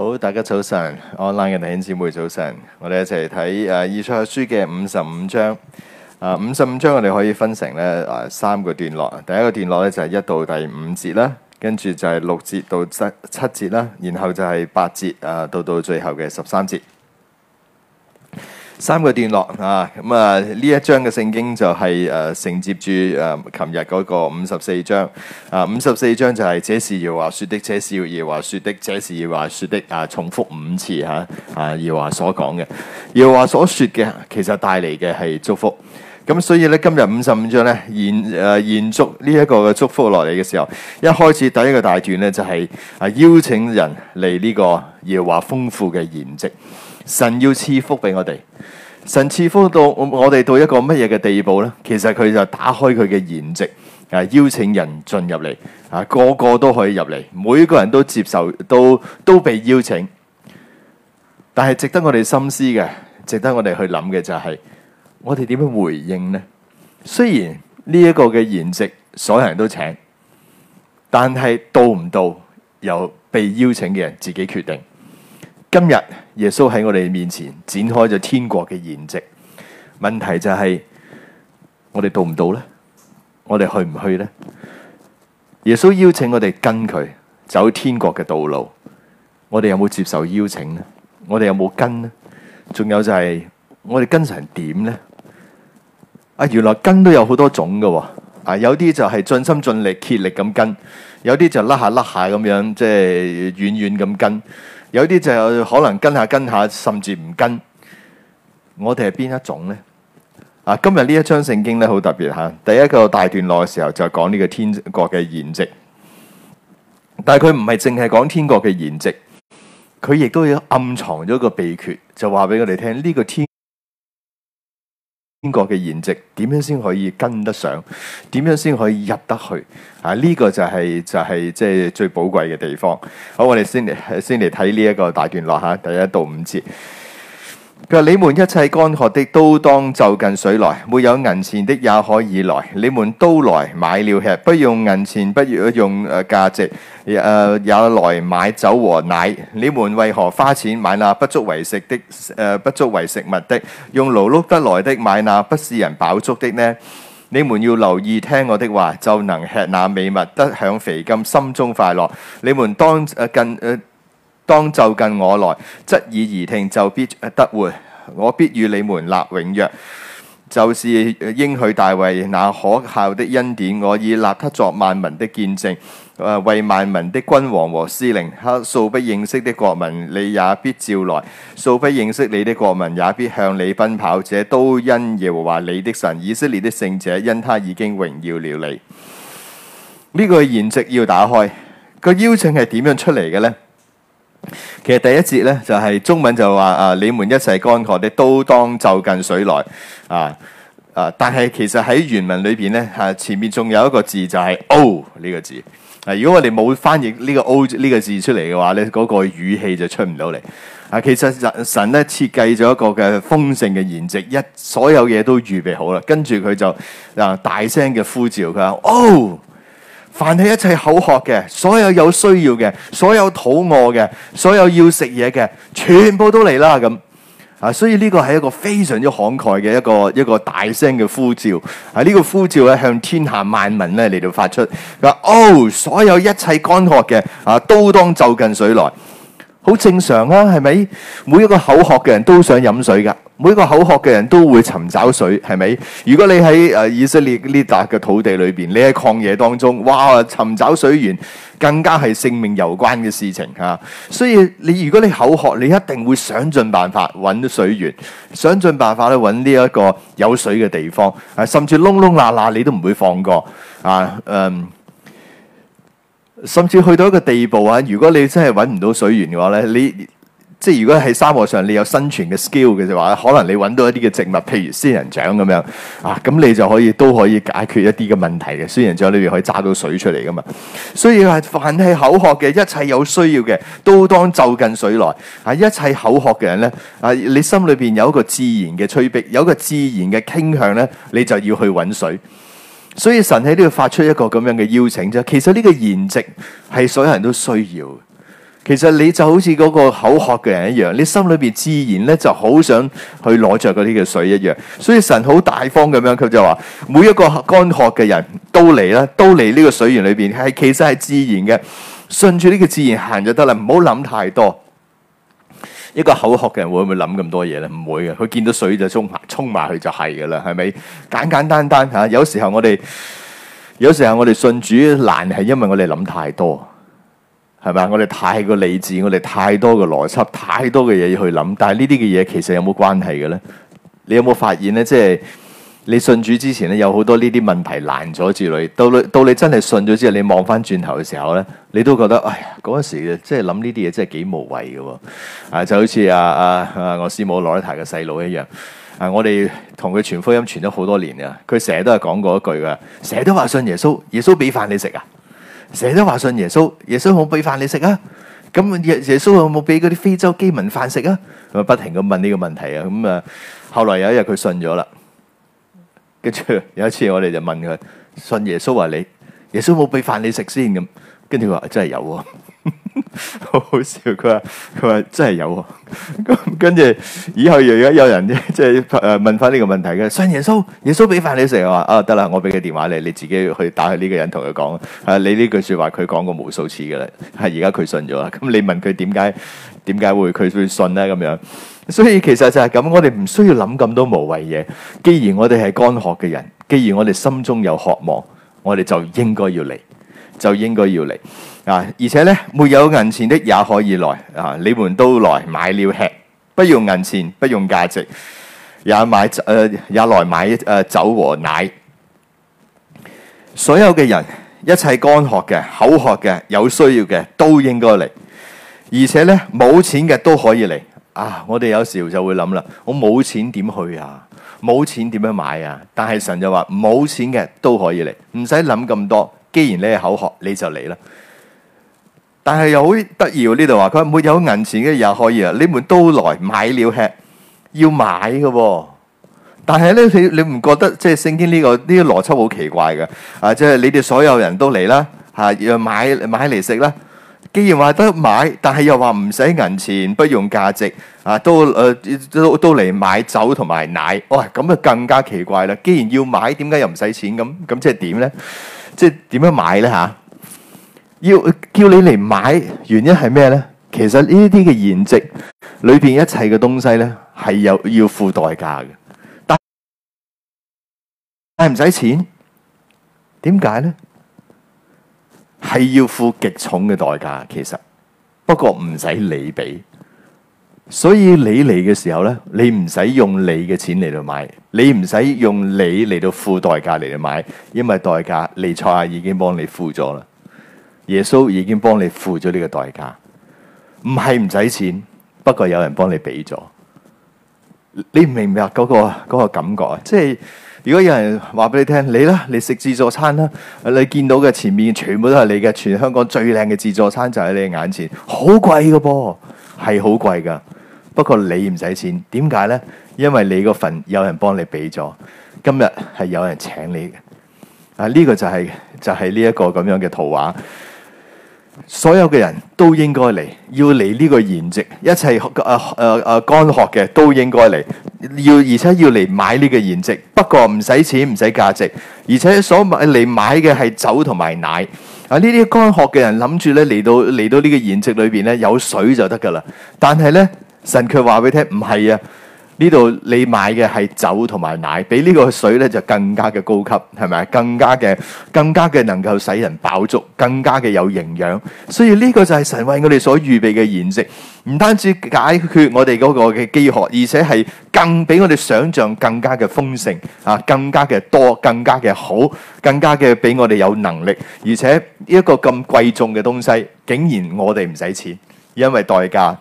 好，大家早晨 online 嘅弟兄姊妹早晨，我哋一齊睇誒《以賽亞書》嘅五十五章。啊，五十五章我哋可以分成咧誒、啊、三個段落。第一個段落咧就係一到第五節啦，跟住就係六節到七七節啦，然後就係八節啊到到最後嘅十三節。三個段落啊，咁啊呢一章嘅聖經就係誒承接住誒琴日嗰個五十四章啊，五十四章就係這是耶和華説的，這是耶和華説的，這是耶和華説的啊，重複五次嚇啊，耶和華所講嘅，耶和華所説嘅，其實帶嚟嘅係祝福。咁、啊、所以呢，今日五十五章呢，延誒延續呢一個嘅祝福落嚟嘅時候，一開始第一個大段呢，就係、是、啊邀請人嚟呢個耶和華豐富嘅筵席。神要賜福俾我哋，神賜福到我哋到一個乜嘢嘅地步呢？其實佢就打開佢嘅筵席，啊邀請人進入嚟，啊個個都可以入嚟，每個人都接受，都都被邀請。但係值得我哋深思嘅，值得我哋去諗嘅就係、是，我哋點樣回應呢？雖然呢一個嘅筵席所有人都請，但係到唔到由被邀請嘅人自己決定。今日耶穌喺我哋面前展開咗天國嘅筵席，問題就係我哋到唔到呢？我哋去唔去呢？耶穌邀請我哋跟佢走天國嘅道路，我哋有冇接受邀請呢？我哋有冇跟呢？仲有就係我哋跟成點呢？啊，原來跟都有好多種嘅，啊有啲就係盡心盡力竭力咁跟，有啲就甩下甩下咁樣，即係遠遠咁跟。有啲就可能跟下跟下，甚至唔跟。我哋係邊一種呢？啊，今日呢一章聖經咧好特別吓，第一個大段落嘅時候就係講呢個天國嘅筵席，但係佢唔係淨係講天國嘅筵席，佢亦都要暗藏咗一個秘訣，就話俾我哋聽呢個天。英國嘅現值點樣先可以跟得上？點樣先可以入得去啊？呢、這個就係、是、就係即係最寶貴嘅地方。好，我哋先嚟先嚟睇呢一個大段落吓，第一到五節。佢話：你們一切乾渴的都當就近水來，沒有銀錢的也可以來。你們都來買了吃，不用銀錢，不用誒價值誒也來買酒和奶。你們為何花錢買那不足為食的誒不足為食物的，用勞碌得來的買那不是人飽足的呢？你們要留意聽我的話，就能吃那美物，得享肥甘，心中快樂。你們當誒近誒。當就近我來，側耳而聽，就必得活。我必與你們立，立永約。就是應許大衛那可靠的恩典，我已立他作萬民的見證，啊，為萬民的君王和司令。他素不認識的國民，你也必召來；素不認識你的國民，也必向你奔跑者。這都因耶和華你的神，以色列的聖者，因他已經榮耀了你。呢個言籍要打開個邀請係點樣出嚟嘅呢？其實第一節咧就係、是、中文就話啊，你們一切乾渴的都當就近水來啊啊！但係其實喺原文裏邊咧吓，前面仲有一個字就係 O 呢個字啊。如果我哋冇翻譯呢、這個 O、oh、呢、這個字出嚟嘅話咧，嗰個語氣就出唔到嚟啊。其實神神咧設計咗一個嘅豐盛嘅筵席，一所有嘢都預備好啦，跟住佢就啊大聲嘅呼召佢話哦！凡係一切口渴嘅，所有有需要嘅，所有肚餓嘅，所有要食嘢嘅，全部都嚟啦咁啊！所以呢個係一個非常之慷慨嘅一個一個大聲嘅呼召，喺、啊、呢、呢個呼召咧向天下萬民咧嚟到發出。佢話：哦，所有一切乾渴嘅啊，都當就近水來。好正常啊，係咪？每一個口渴嘅人都想飲水噶每一個口渴嘅人都會尋找水，係咪？如果你喺誒、呃、以色列呢達嘅土地裏邊，你喺曠野當中，哇！尋找水源更加係性命攸關嘅事情啊！所以你如果你口渴，你一定會想盡辦法揾水源，想盡辦法去揾呢一個有水嘅地方，啊、甚至窿窿罅罅你都唔會放過啊！嗯、um,。甚至去到一個地步啊！如果你真係揾唔到水源嘅話咧，你即係如果喺沙漠上，你有生存嘅 skill 嘅就話，可能你揾到一啲嘅植物，譬如仙人掌咁樣啊，咁你就可以都可以解決一啲嘅問題嘅。仙人掌裏面可以揸到水出嚟㗎嘛。所以話，凡係口渴嘅一切有需要嘅，都當就近水來。係一切口渴嘅人咧，啊，你心裏邊有一個自然嘅催逼，有一個自然嘅傾向咧，你就要去揾水。所以神喺呢度發出一個咁樣嘅邀請啫，其實呢個筵席係所有人都需要。其實你就好似嗰個口渴嘅人一樣，你心裏邊自然咧就好想去攞着嗰啲嘅水一樣。所以神好大方咁樣，佢就話每一個乾渴嘅人都嚟啦，都嚟呢個水源裏邊係，其實係自然嘅，順住呢個自然行就得啦，唔好諗太多。一個口渴嘅人會唔會諗咁多嘢咧？唔會嘅，佢見到水就衝埋，衝埋去就係噶啦，係咪？簡簡單單吓，啊。有時候我哋，有時候我哋信主難係因為我哋諗太多，係咪啊？我哋太過理智，我哋太多嘅邏輯，太多嘅嘢要去諗。但係呢啲嘅嘢其實有冇關係嘅咧？你有冇發現咧？即係。你信主之前咧，有好多呢啲問題難咗之類，到你到你真係信咗之後，你望翻轉頭嘅時候咧，你都覺得哎呀，嗰陣時嘅即係諗呢啲嘢真係幾無謂嘅喎，啊就好似啊啊啊我師母羅一泰嘅細佬一樣，啊我哋同佢傳福音傳咗好多年啊，佢成日都係講過一句噶，成日都話信耶穌，耶穌俾飯你食啊，成日都話信耶穌，耶穌好俾飯你食啊，咁耶耶穌有冇俾嗰啲非洲基民飯食啊？咁不停咁問呢個問題啊，咁啊後來有一日佢信咗啦。有一次我哋就問佢信耶穌話、啊、你耶穌冇俾飯你食先咁，跟住佢話真係有、啊，好 好笑，佢話佢話真係有、啊，跟 住以後如果有人即係問翻呢個問題嘅，信耶穌耶穌俾飯你食，我話啊得啦，我俾個電話你，你自己去打去呢個人同佢講，啊你呢句說話佢講過無數次噶啦，係而家佢信咗，咁你問佢點解點解會佢會信咧咁樣？所以其實就係咁，我哋唔需要諗咁多無謂嘢。既然我哋係乾渴嘅人，既然我哋心中有渴望，我哋就應該要嚟，就應該要嚟啊！而且呢，沒有銀錢的也可以來啊！你們都來買了吃，不用銀錢，不用價值，也買誒、呃，也來買誒、呃、酒和奶。所有嘅人，一切乾渴嘅、口渴嘅、有需要嘅，都應該嚟。而且呢，冇錢嘅都可以嚟。啊！我哋有時候就會諗啦，我冇錢點去啊？冇錢點樣買啊？但係神就話冇錢嘅都可以嚟，唔使諗咁多。既然你係口渴，你就嚟啦。但係又好得意喎，呢度話，佢話沒有銀錢嘅也可以啊。你們都來買了吃，要買嘅啊。但係咧，你你唔覺得即係聖經呢個呢個邏輯好奇怪嘅？啊，即係你哋所有人都嚟啦，啊，要買買嚟食啦。既然話得買，但係又話唔使銀錢，不用價值啊，都誒都都嚟買酒同埋奶。喂，咁就更加奇怪啦！既然要買，點解又唔使錢？咁咁即係點咧？即係點樣買咧？吓，要叫你嚟買，原因係咩咧？其實呢啲嘅現值裏邊一切嘅東西咧，係有要付代價嘅，但係唔使錢，點解咧？係要付極重嘅代價，其實不過唔使你俾，所以你嚟嘅時候咧，你唔使用，用你嘅錢嚟到買，你唔使用，用你嚟到付代價嚟到買，因為代價利賽亞已經幫你付咗啦，耶穌已經幫你付咗呢個代價，唔係唔使錢，不過有人幫你俾咗，你明唔明嗰個嗰個感覺？啊，即係。如果有人話俾你聽，你啦，你食自助餐啦，你見到嘅前面全部都係你嘅，全香港最靚嘅自助餐就喺你眼前，好貴嘅噃，係好貴噶。不過你唔使錢，點解呢？因為你個份有人幫你俾咗，今日係有人請你嘅。啊，呢個就係就係呢一個咁樣嘅圖畫。所有嘅人都應該嚟，要嚟呢個筵席，一切誒誒誒乾渴嘅都應該嚟，要而且要嚟買呢個筵席。不過唔使錢，唔使價值，而且所買嚟買嘅係酒同埋奶。啊，乾呢啲乾渴嘅人諗住咧嚟到嚟到個裏呢個筵席裏邊咧有水就得噶啦。但係咧，神卻話俾你聽唔係啊。呢度你買嘅係酒同埋奶，比呢個水呢就更加嘅高級，係咪？更加嘅、更加嘅能夠使人飽足，更加嘅有營養。所以呢個就係神為我哋所預備嘅筵席，唔單止解決我哋嗰個嘅飢渴，而且係更俾我哋想象更加嘅豐盛啊！更加嘅多，更加嘅好，更加嘅俾我哋有能力，而且一個咁貴重嘅東西，竟然我哋唔使錢，因為代價。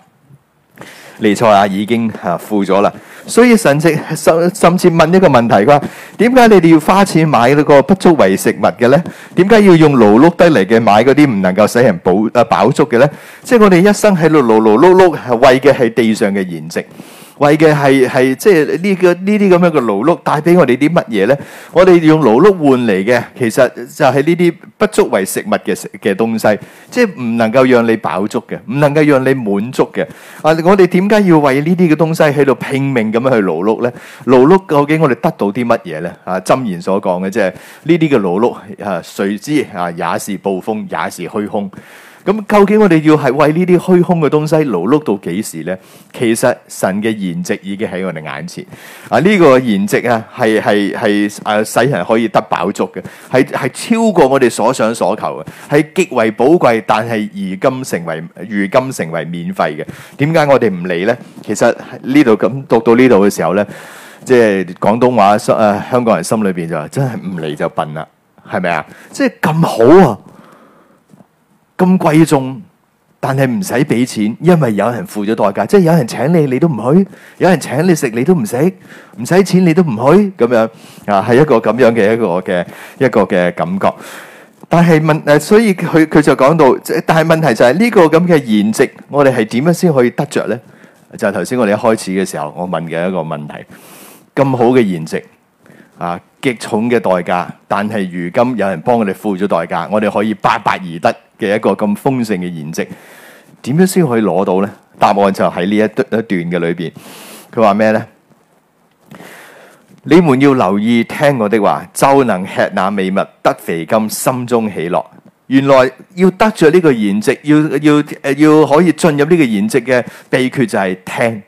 尼賽亞已經富咗啦，所以神甚至甚甚至問一個問題：啩，點解你哋要花錢買呢個不足為食物嘅咧？點解要用勞碌得嚟嘅買嗰啲唔能夠使人飽啊飽足嘅咧？即係我哋一生喺度勞勞碌碌，係為嘅係地上嘅筵席。為嘅係係，即係呢個呢啲咁樣嘅勞碌帶俾我哋啲乜嘢咧？我哋用勞碌換嚟嘅，其實就係呢啲不足為食物嘅嘅東西，即係唔能夠讓你飽足嘅，唔能夠讓你滿足嘅。啊，我哋點解要為呢啲嘅東西喺度拼命咁樣去勞碌咧？勞碌，究竟我哋得到啲乜嘢咧？啊，箴言所講嘅，即係呢啲嘅勞碌啊，誰知啊，也是暴風，也是虛空。咁究竟我哋要係為呢啲虛空嘅東西勞碌到幾時呢？其實神嘅筵席已經喺我哋眼前。啊，呢、這個筵席啊，係係係誒，使人可以得飽足嘅，係係超過我哋所想所求嘅，係極為寶貴，但係如今成為如今成為免費嘅。點解我哋唔嚟呢？其實呢度咁讀到呢度嘅時候呢，即係廣東話誒、啊，香港人心裏邊就話，真係唔嚟就笨啦，係咪啊？即係咁好啊！咁貴重，但係唔使俾錢，因為有人付咗代價，即係有人請你，你都唔去；有人請你食，你都唔食，唔使錢你都唔去，咁樣啊，係一個咁樣嘅一個嘅一個嘅感覺。但係問誒，所以佢佢就講到，但係問題就係呢個咁嘅筵席，我哋係點樣先可以得着呢？就係頭先我哋一開始嘅時候，我問嘅一個問題，咁好嘅筵席啊，極重嘅代價，但係如今有人幫我哋付咗代價，我哋可以白白而得。嘅一個咁豐盛嘅筵席，點樣先可以攞到呢？答案就喺呢一一段嘅裏邊。佢話咩呢？「你們要留意聽我的話，就能吃那美物，得肥甘，心中喜樂。」原來要得着呢個筵席，要要要可以進入呢個筵席嘅秘訣就係聽。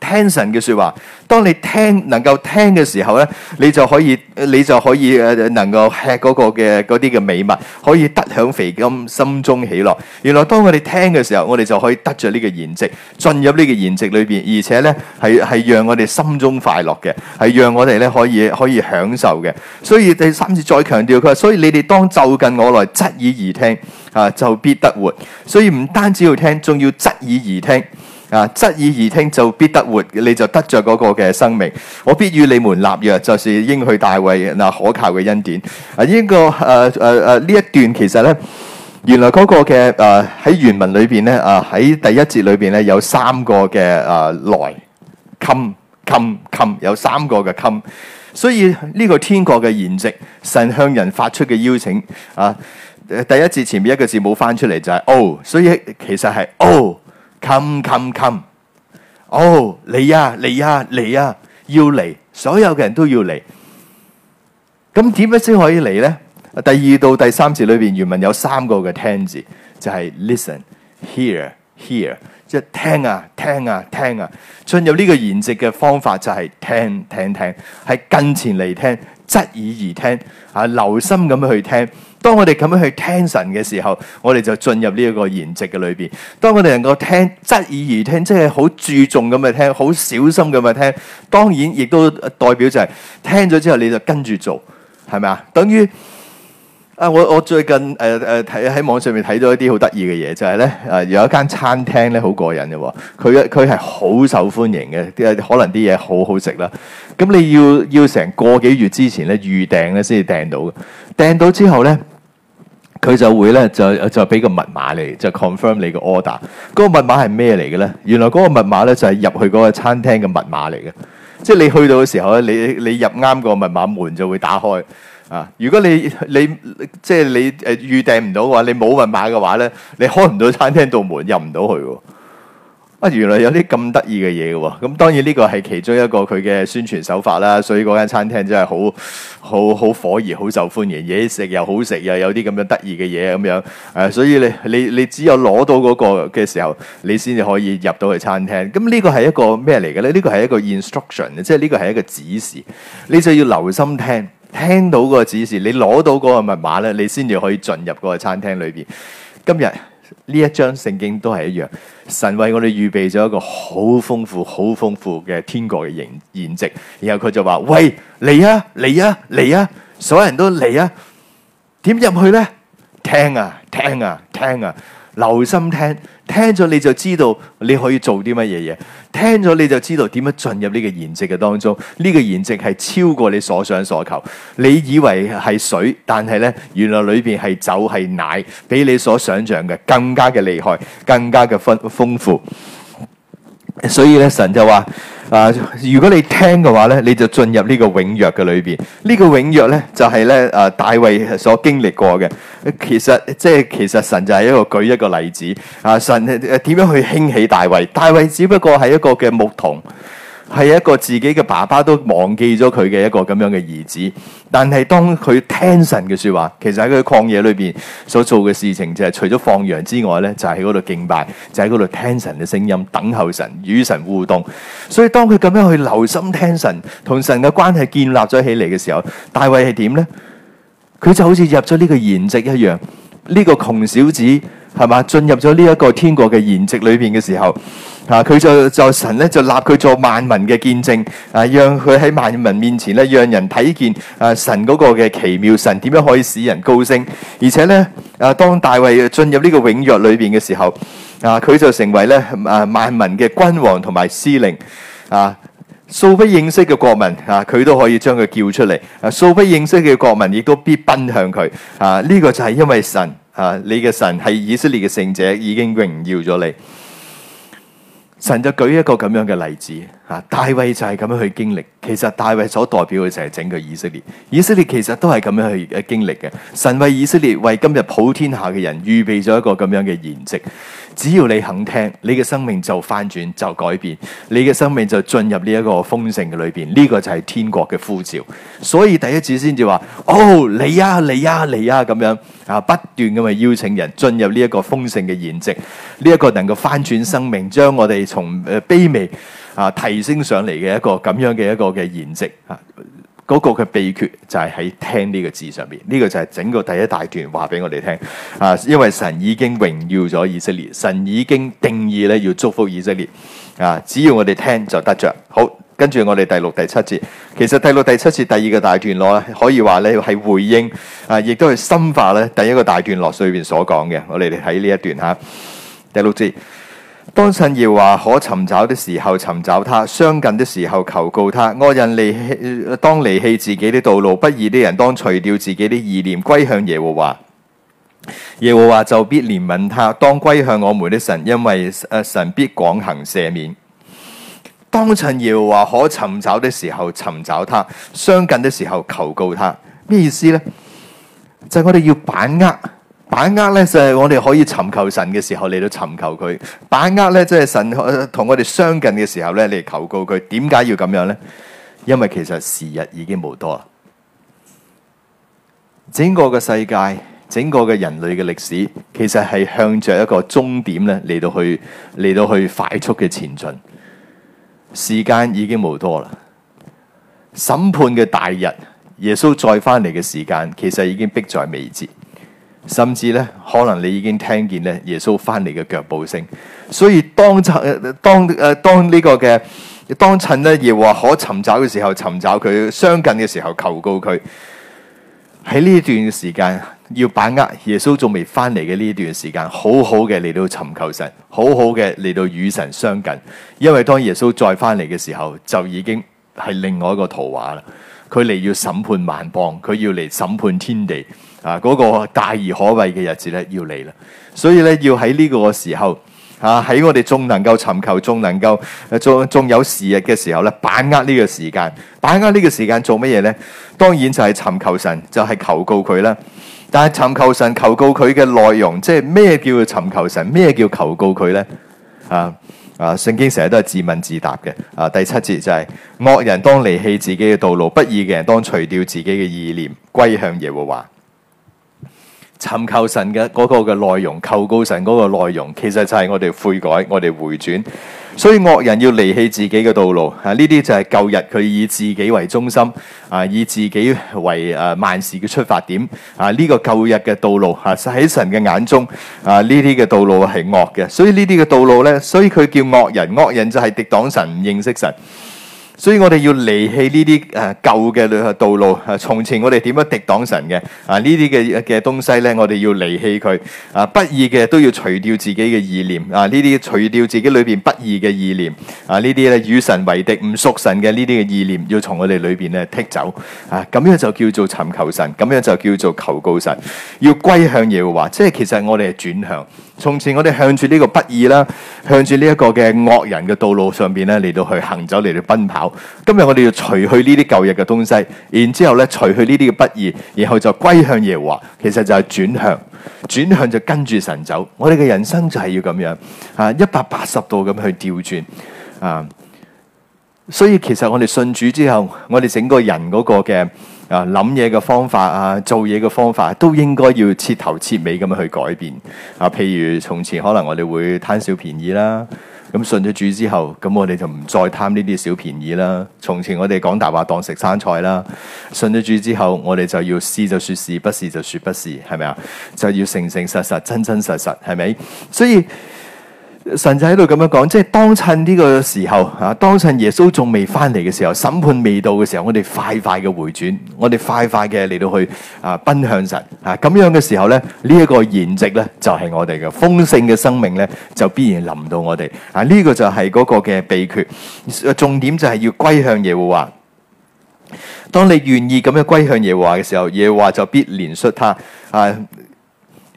聽神嘅說話，當你聽能夠聽嘅時候咧，你就可以你就可以誒能夠吃嗰個嘅嗰啲嘅美物，可以得享肥甘，心中喜樂。原來當我哋聽嘅時候，我哋就可以得着呢個筵席，進入呢個筵席裏邊，而且咧係係讓我哋心中快樂嘅，係讓我哋咧可以可以享受嘅。所以第三次再強調，佢話，所以你哋當就近我來側耳而聽啊，就必得活。所以唔單止要聽，仲要側耳而聽。啊！側耳而聽就必得活，你就得着嗰個嘅生命。我必與你們立約，就是應許大衞那可靠嘅恩典。啊！呢個誒誒誒呢一段其實咧，原來嗰個嘅誒喺原文裏邊咧啊喺第一節裏邊咧有三個嘅誒、啊、來 come come come 有三個嘅 come 所以呢個天國嘅筵席神向人發出嘅邀請啊！第一節前面一個字冇翻出嚟就係哦，所以其實係哦。Come, come, come，哦嚟、oh, 啊嚟啊嚟啊，要嚟！所有嘅人都要嚟。咁點樣先可以嚟呢？第二到第三節裏邊原文有三個嘅聽字，就係、是、listen、hear、hear，即係聽啊聽啊聽啊。進、啊啊、入呢個筵席嘅方法就係聽聽聽，係近前嚟聽，側耳而聽，啊留心咁樣去聽。當我哋咁樣去聽神嘅時候，我哋就進入呢一個筵席嘅裏邊。當我哋能夠聽，側耳而聽，即係好注重咁去聽，好小心咁去聽。當然，亦都代表就係、是、聽咗之後你就跟住做，係咪啊？等於啊，我我最近誒誒睇喺網上面睇到一啲好得意嘅嘢，就係咧誒有一間餐廳咧好過癮嘅，佢佢係好受歡迎嘅，可能啲嘢好好食啦。咁你要要成個幾月之前咧預訂咧先至訂到嘅，訂到之後咧。佢就會咧就就俾個密碼你，就 confirm 你個 order。嗰、那個密碼係咩嚟嘅咧？原來嗰個密碼咧就係、是、入去嗰個餐廳嘅密碼嚟嘅。即係你去到嘅時候咧，你你入啱個密碼門就會打開啊。如果你你即係、就是、你誒、呃、預訂唔到嘅話，你冇密碼嘅話咧，你開唔到餐廳度門，入唔到去喎。啊！原來有啲咁得意嘅嘢嘅喎，咁當然呢個係其中一個佢嘅宣傳手法啦。所以嗰間餐廳真係好好好火熱、好受歡迎，嘢食又好食，又有啲咁樣得意嘅嘢咁樣。誒，所以你你你只有攞到嗰個嘅時候，你先至可以入到去餐廳。咁呢個係一個咩嚟嘅呢？呢個係一個 instruction，即係呢個係一個指示。你就要留心聽，聽到嗰個指示，你攞到嗰個密碼呢，你先至可以進入嗰個餐廳裏邊。今日呢一章聖經都係一樣。神為我哋預備咗一個好豐富、好豐富嘅天國嘅形現迹，然後佢就話，喂，嚟啊，嚟啊，嚟啊，所有人都嚟啊，點入去呢？聽啊，聽啊，聽啊，留心聽，聽咗你就知道，你可以做啲乜嘢嘢。聽咗你就知道點樣進入呢個筵席嘅當中，呢個筵席係超過你所想所求。你以為係水，但係呢，原來裏邊係酒係奶，比你所想象嘅更加嘅厲害，更加嘅豐豐富。所以咧，神就話。啊！如果你聽嘅話咧，你就進入呢個永約嘅裏邊。呢個永約咧，就係咧啊大衛所經歷過嘅。其實，即係其實神就係一個舉一個例子啊！神誒誒點樣去興起大衛？大衛只不過係一個嘅牧童。係一個自己嘅爸爸都忘記咗佢嘅一個咁樣嘅兒子，但係當佢聽神嘅說話，其實喺佢曠野裏邊所做嘅事情就係除咗放羊之外呢，就喺嗰度敬拜，就喺嗰度聽神嘅聲音，等候神，與神互動。所以當佢咁樣去留心聽神，同神嘅關係建立咗起嚟嘅時候，大衛係點呢？佢就好似入咗呢個筵席一樣，呢個窮小子。係嘛？進入咗呢一個天國嘅筵席裏邊嘅時候，啊，佢就就神咧就立佢做萬民嘅見證，啊，讓佢喺萬民面前咧，讓人睇見啊神嗰個嘅奇妙，神點樣可以使人高升。而且咧，啊，當大衛進入呢個永約裏邊嘅時候，啊，佢就成為咧啊萬民嘅君王同埋司令，啊，素不認識嘅國民啊，佢都可以將佢叫出嚟，啊，素不認識嘅國民亦都必奔向佢，啊，呢、這個就係因為神。啊！你嘅神係以色列嘅聖者，已經榮耀咗你。神就舉一個咁樣嘅例子，吓、啊、大衛就係咁樣去經歷。其實大衛所代表嘅就係整個以色列，以色列其實都係咁樣去嘅經歷嘅。神為以色列，為今日普天下嘅人預備咗一個咁樣嘅筵席。只要你肯聽，你嘅生命就翻轉，就改變，你嘅生命就進入呢一個豐盛嘅裏邊。呢、這個就係天國嘅呼召。所以第一次先至話，哦，你呀、啊、你呀、啊、你呀、啊，咁樣啊，不斷咁去邀請人進入呢一個豐盛嘅筵席，呢、這、一個能夠翻轉生命，將我哋從卑微啊提升上嚟嘅一個咁樣嘅一個嘅筵席啊。嗰個嘅秘訣就係喺聽呢個字上面。呢個就係整個第一大段話俾我哋聽啊。因為神已經榮耀咗以色列，神已經定義咧要祝福以色列啊。只要我哋聽就得着。好，跟住我哋第六、第七節。其實第六、第七節第二個大段落可以話咧係回應啊，亦都係深化咧第一個大段落裏邊所講嘅。我哋嚟睇呢一段吓、啊，第六節。當趁耶和華可尋找的時候尋找他，相近的時候求告他。惡人離當離棄自己的道路，不義的人當除掉自己的意念，歸向耶和華。耶和華就必憐憫他，當歸向我們的神，因為神必廣行赦免。當趁耶和華可尋找的時候尋找他，相近的時候求告他，咩意思呢？就係、我哋要把握。把握咧就係我哋可以尋求神嘅時候，嚟到尋求佢；把握咧即係神同我哋相近嘅時候咧嚟求告佢。點解要咁樣呢？因為其實時日已經冇多啦。整個嘅世界，整個嘅人類嘅歷史，其實係向着一個終點咧嚟到去嚟到去快速嘅前進。時間已經冇多啦。審判嘅大日，耶穌再翻嚟嘅時間，其實已經迫在眉睫。甚至咧，可能你已經聽見咧耶穌翻嚟嘅腳步聲。所以當、呃、當誒、呃、當，個當呢個嘅當趁咧耶和華可尋找嘅時候，尋找佢相近嘅時候，求告佢。喺呢段時間，要把握耶穌仲未翻嚟嘅呢段時間，好好嘅嚟到尋求神，好好嘅嚟到與神相近。因為當耶穌再翻嚟嘅時候，就已經係另外一個圖畫啦。佢嚟要審判萬邦，佢要嚟審判天地。啊！嗰、那個大而可畏嘅日子咧，要嚟啦。所以咧，要喺呢個時候啊，喺我哋仲能夠尋求，仲能夠誒，仲、啊、仲有時日嘅時候咧，把握呢個時間，把握呢個時間做乜嘢呢？當然就係尋求神，就係、是、求告佢啦。但係尋求神，求告佢嘅內容，即係咩叫尋求神？咩叫求告佢呢？啊啊！聖經成日都係自問自答嘅啊。第七節就係、是、惡人當離棄自己嘅道路，不義嘅人當除掉自己嘅意念，歸向耶和華。尋求神嘅嗰個嘅內容，求告神嗰個內容，其實就係我哋悔改，我哋回轉。所以惡人要離棄自己嘅道路，啊呢啲就係舊日佢以自己為中心，啊以自己為誒萬、啊、事嘅出發點，啊呢、這個舊日嘅道路，啊喺神嘅眼中，啊呢啲嘅道路係惡嘅，所以呢啲嘅道路呢，所以佢叫惡人，惡人就係抵擋神，唔認識神。所以我哋要離棄呢啲誒舊嘅路道路，啊，從前我哋點樣敵擋神嘅啊？呢啲嘅嘅東西咧，我哋要離棄佢啊！不義嘅都要除掉自己嘅意念啊！呢啲除掉自己裏邊不義嘅意念啊！呢啲咧與神為敵，唔屬神嘅呢啲嘅意念，要從我哋裏邊咧剔走啊！咁樣就叫做尋求神，咁樣就叫做求告神，要歸向耶和華。即係其實我哋係轉向。從前我哋向住呢個不義啦，向住呢一個嘅惡人嘅道路上邊咧嚟到去行走嚟到奔跑。今日我哋要除去呢啲舊日嘅東西，然之後咧除去呢啲嘅不義，然後就歸向耶和華。其實就係轉向，轉向就跟住神走。我哋嘅人生就係要咁樣啊，一百八十度咁去調轉啊。所以其實我哋信主之後，我哋整個人嗰個嘅。啊！諗嘢嘅方法啊，做嘢嘅方法都應該要徹頭徹尾咁樣去改變。啊，譬如從前可能我哋會貪小便宜啦，咁信咗主之後，咁我哋就唔再貪呢啲小便宜啦。從前我哋講大話當食生菜啦，信咗主之後，我哋就要是就說是，不是就說不是，係咪啊？就要誠誠實實、真真實實，係咪？所以。神就喺度咁樣講，即係當趁呢個時候，吓當趁耶穌仲未翻嚟嘅時候，審判未到嘅時候，我哋快快嘅回轉，我哋快快嘅嚟到去啊，奔向神啊！咁樣嘅時候咧，呢、這、一個筵席咧就係我哋嘅豐盛嘅生命咧，就必然臨到我哋啊！呢、這個就係嗰個嘅秘訣，重點就係要歸向耶和華。當你願意咁樣歸向耶和華嘅時候，耶和華就必憐恤他啊！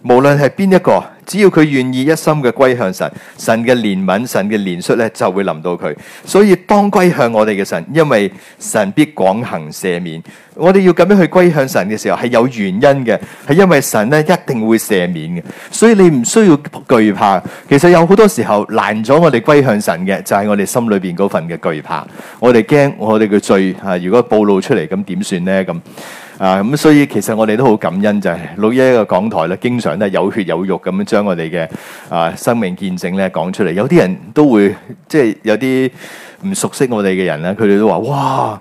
無論係邊一個。只要佢願意一心嘅歸向神，神嘅憐憫、神嘅憐恤咧就會臨到佢。所以當歸向我哋嘅神，因為神必廣行赦免。我哋要咁樣去歸向神嘅時候，係有原因嘅，係因為神咧一定會赦免嘅。所以你唔需要懼怕。其實有好多時候難咗我哋歸向神嘅，就係、是、我哋心裏邊嗰份嘅懼怕。我哋驚我哋嘅罪吓，如果暴露出嚟咁點算呢？咁啊咁。所以其實我哋都好感恩，就係老爺嘅講台咧，經常都有血有肉咁樣。將我哋嘅啊生命見證咧講出嚟，有啲人都會即係有啲唔熟悉我哋嘅人咧，佢哋都話：哇，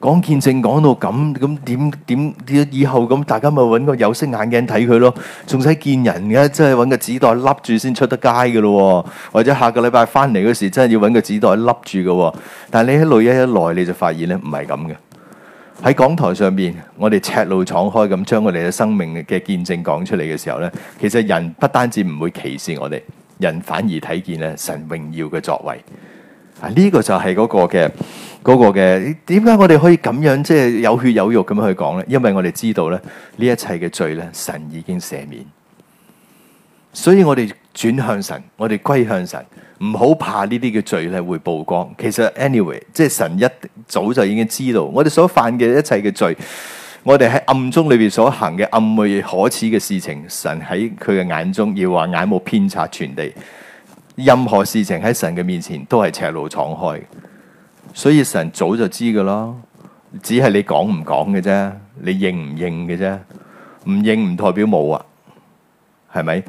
講見證講到咁咁點點點，以後咁大家咪揾個有色眼鏡睇佢咯。仲使見人嘅，真係揾個紙袋笠住先出得街嘅咯，或者下個禮拜翻嚟嗰時真係要揾個紙袋笠住嘅。但係你喺度一一嚟你就發現咧，唔係咁嘅。喺講台上面，我哋赤露闖開咁，將我哋嘅生命嘅見證講出嚟嘅時候呢，其實人不單止唔會歧視我哋，人反而睇見咧神榮耀嘅作為。啊，呢個就係嗰個嘅，嗰個嘅，點解我哋可以咁樣即係有血有肉咁去講呢？因為我哋知道呢，呢一切嘅罪呢，神已經赦免，所以我哋。轉向神，我哋歸向神，唔好怕呢啲嘅罪咧會曝光。其實 anyway，即係神一早就已經知道，我哋所犯嘅一切嘅罪，我哋喺暗中裏邊所行嘅暗昧可恥嘅事情，神喺佢嘅眼中要話眼目遍察全地，任何事情喺神嘅面前都係赤露敞開。所以神早就知噶咯，只係你講唔講嘅啫，你認唔認嘅啫，唔認唔代表冇啊，係咪？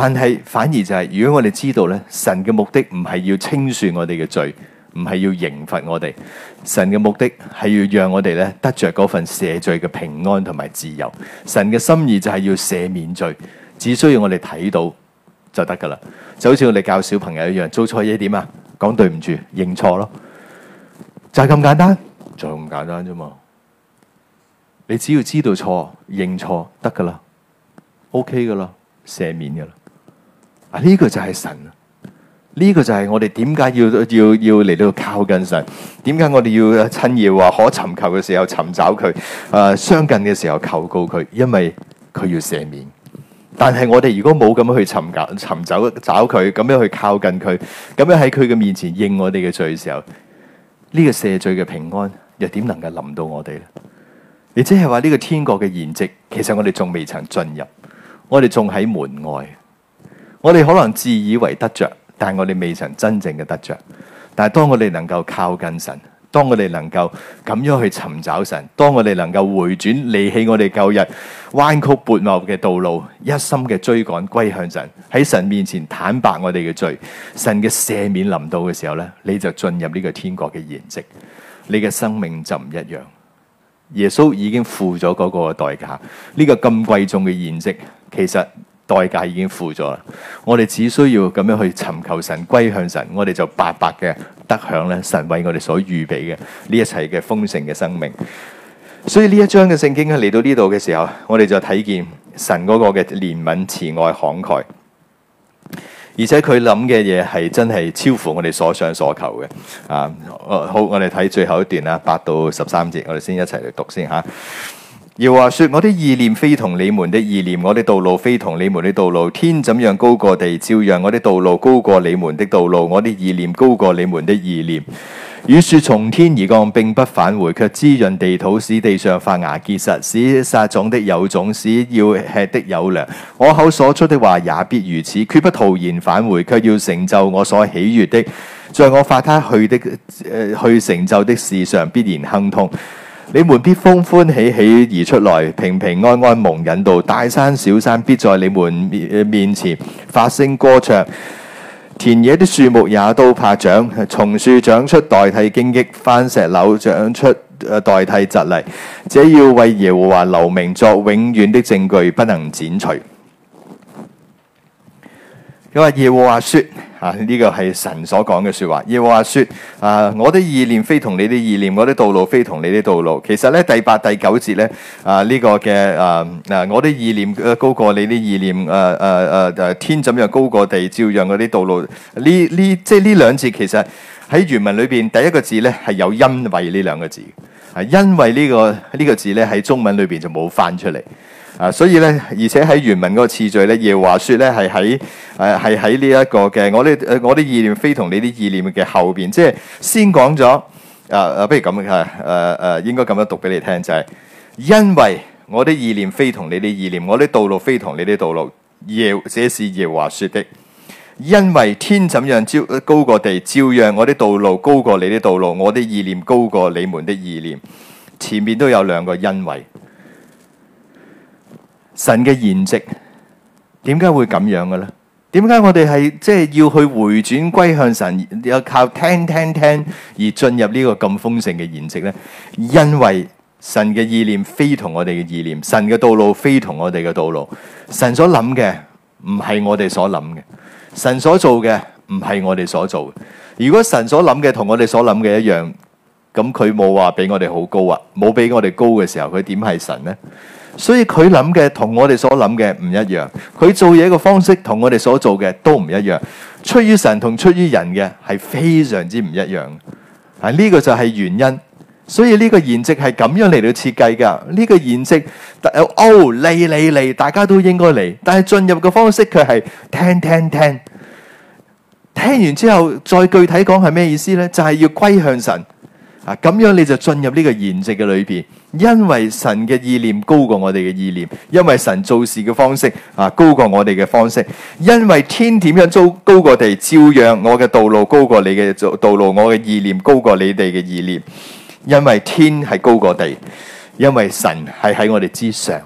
但係反而就係，如果我哋知道咧，神嘅目的唔係要清算我哋嘅罪，唔係要刑罰我哋，神嘅目的係要讓我哋咧得着嗰份赦罪嘅平安同埋自由。神嘅心意就係要赦免罪，只需要我哋睇到就得噶啦。就好似我哋教小朋友一樣，做錯嘢點啊？講對唔住，認錯咯，就係咁簡單，就咁簡單啫嘛。你只要知道錯，認錯得噶啦，OK 噶啦，赦免噶啦。啊！呢個就係神，呢、這個就係我哋點解要要要嚟到靠近神？點解我哋要趁耶和華可尋求嘅時候尋找佢？誒、呃，相近嘅時候求告佢，因為佢要赦免。但係我哋如果冇咁樣去尋，尋找、尋找找佢，咁樣去靠近佢，咁樣喺佢嘅面前認我哋嘅罪嘅時候，呢、這個赦罪嘅平安又點能夠臨到我哋呢？你即係話呢個天國嘅筵席，其實我哋仲未曾進入，我哋仲喺門外。我哋可能自以為得着，但係我哋未曾真正嘅得着。但係當我哋能夠靠近神，當我哋能夠咁樣去尋找神，當我哋能夠回轉離棄我哋舊日彎曲悖謬嘅道路，一心嘅追趕歸向神，喺神面前坦白我哋嘅罪，神嘅赦免臨到嘅時候呢，你就進入呢個天國嘅現職，你嘅生命就唔一樣。耶穌已經付咗嗰個代價，呢、這個咁貴重嘅現職，其實。代價已經付咗啦，我哋只需要咁樣去尋求神、歸向神，我哋就白白嘅得享咧神為我哋所預備嘅呢一切嘅豐盛嘅生命。所以呢一章嘅聖經咧嚟到呢度嘅時候，我哋就睇見神嗰個嘅憐憫、慈愛、慷慨，而且佢諗嘅嘢係真係超乎我哋所想所求嘅。啊，好，我哋睇最後一段啦，八到十三節，我哋先一齊嚟讀先吓。要耶和華說，我的意念非同你們的意念，我的道路非同你們的道路。天怎樣高過地，照樣我的道路高過你們的道路，我的意念高過你們的意念。雨雪從天而降，並不返回，卻滋潤地土，使地上發芽結實，使撒種的有種，使要吃的有糧。我口所出的話也必如此，決不徒然返回，卻要成就我所喜悅的，在我發他去的去成就的事上必然亨通。你們必歡歡喜喜而出來，平平安安蒙引導。大山小山必在你們面前發聲歌唱。田野的樹木也都拍掌，松樹長出代替荊棘，番石榴長出代替蒺藜。這要為耶和華留名，作永遠的證據，不能剪除。佢話耶和華、啊、説：啊，呢、這個係神所講嘅説話。耶和華、啊、説：啊，我啲意念非同你啲意念，我啲道路非同你啲道路。其實咧，第八、第九節咧，啊呢、這個嘅啊啊，我啲意念高過你啲意念，誒誒誒誒，天怎樣高過地，照樣我啲道路。呢呢，即係呢兩節其實喺原文裏邊，第一個字咧係有因為呢兩個字，係、啊、因為呢、這個呢、這個字咧喺中文裏邊就冇翻出嚟。啊，所以咧，而且喺原文嗰次序咧，耶華說咧係喺誒係喺呢一個嘅我啲我啲意念非同你啲意念嘅後邊，即係先講咗啊啊，不如咁啊誒誒、啊，應該咁樣讀俾你聽，就係、是、因為我啲意念非同你啲意念，我啲道路非同你啲道路，耶這是耶華說的，因為天怎樣高高過地，照樣我啲道路高過你啲道路，我啲意念高過你們的意念，前面都有兩個因為。神嘅筵席，點解會咁樣嘅呢？點解我哋係即係要去回轉歸向神，又靠聽聽聽而進入呢個咁豐盛嘅筵席呢？因為神嘅意念非同我哋嘅意念，神嘅道路非同我哋嘅道路，神所諗嘅唔係我哋所諗嘅，神所做嘅唔係我哋所做。如果神所諗嘅同我哋所諗嘅一樣，咁佢冇話比我哋好高啊，冇比我哋高嘅時候，佢點係神呢？所以佢諗嘅同我哋所諗嘅唔一樣，佢做嘢嘅方式同我哋所做嘅都唔一樣，出於神同出於人嘅係非常之唔一樣。啊，呢個就係原因，所以呢個筵席係咁樣嚟到設計噶。呢、這個筵席哦，嚟嚟嚟，大家都應該嚟，但係進入嘅方式佢係聽聽聽，聽完之後再具體講係咩意思呢？就係、是、要歸向神。啊！咁樣你就進入呢個宴席嘅裏邊，因為神嘅意念高過我哋嘅意念，因為神做事嘅方式啊高過我哋嘅方式，因為天點樣高高過地，照樣我嘅道路高過你嘅道路，我嘅意念高過你哋嘅意念，因為天係高過地，因為神係喺我哋之上，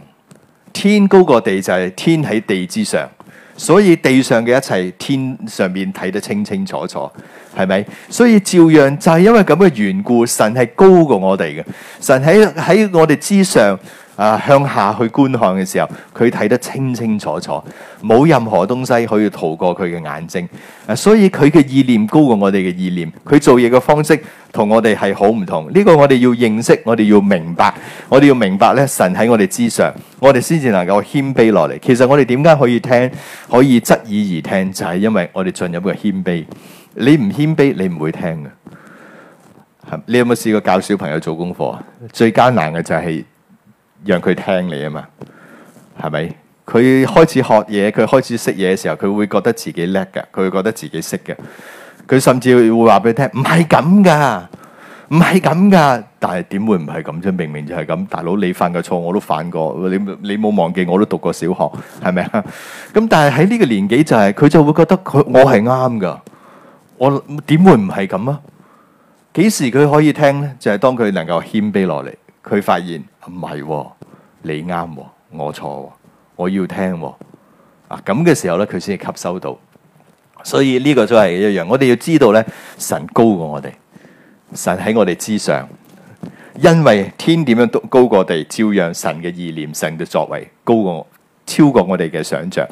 天高過地就係天喺地之上，所以地上嘅一切天上面睇得清清楚楚。係咪？所以照樣就係因為咁嘅緣故，神係高過我哋嘅。神喺喺我哋之上啊、呃，向下去觀看嘅時候，佢睇得清清楚楚，冇任何東西可以逃過佢嘅眼睛啊、呃。所以佢嘅意念高過我哋嘅意念，佢做嘢嘅方式同我哋係好唔同。呢、呢個我哋要認識，我哋要明白，我哋要明白咧。神喺我哋之上，我哋先至能夠謙卑落嚟。其實我哋點解可以聽可以質疑而聽，就係、是、因為我哋進入一個謙卑。你唔謙卑，你唔會聽嘅。你有冇試過教小朋友做功課？最艱難嘅就係讓佢聽你啊嘛，係咪？佢開始學嘢，佢開始識嘢嘅時候，佢會覺得自己叻噶，佢會覺得自己識嘅。佢甚至會話俾你聽，唔係咁噶，唔係咁噶。但係點會唔係咁啫？明明就係咁。大佬，你犯嘅錯我都犯過，你你冇忘記我都讀過小學，係咪啊？咁但係喺呢個年紀就係、是、佢就會覺得佢我係啱噶。我點會唔係咁啊？幾時佢可以聽呢？就係當佢能夠謙卑落嚟，佢發現唔係，你啱，我錯，我要聽啊！咁嘅時候呢，佢先係吸收到。所以呢個都係一樣，我哋要知道呢，神高過我哋，神喺我哋之上，因為天點樣都高過地，照樣神嘅意念、神嘅作為高過我，超過我哋嘅想象。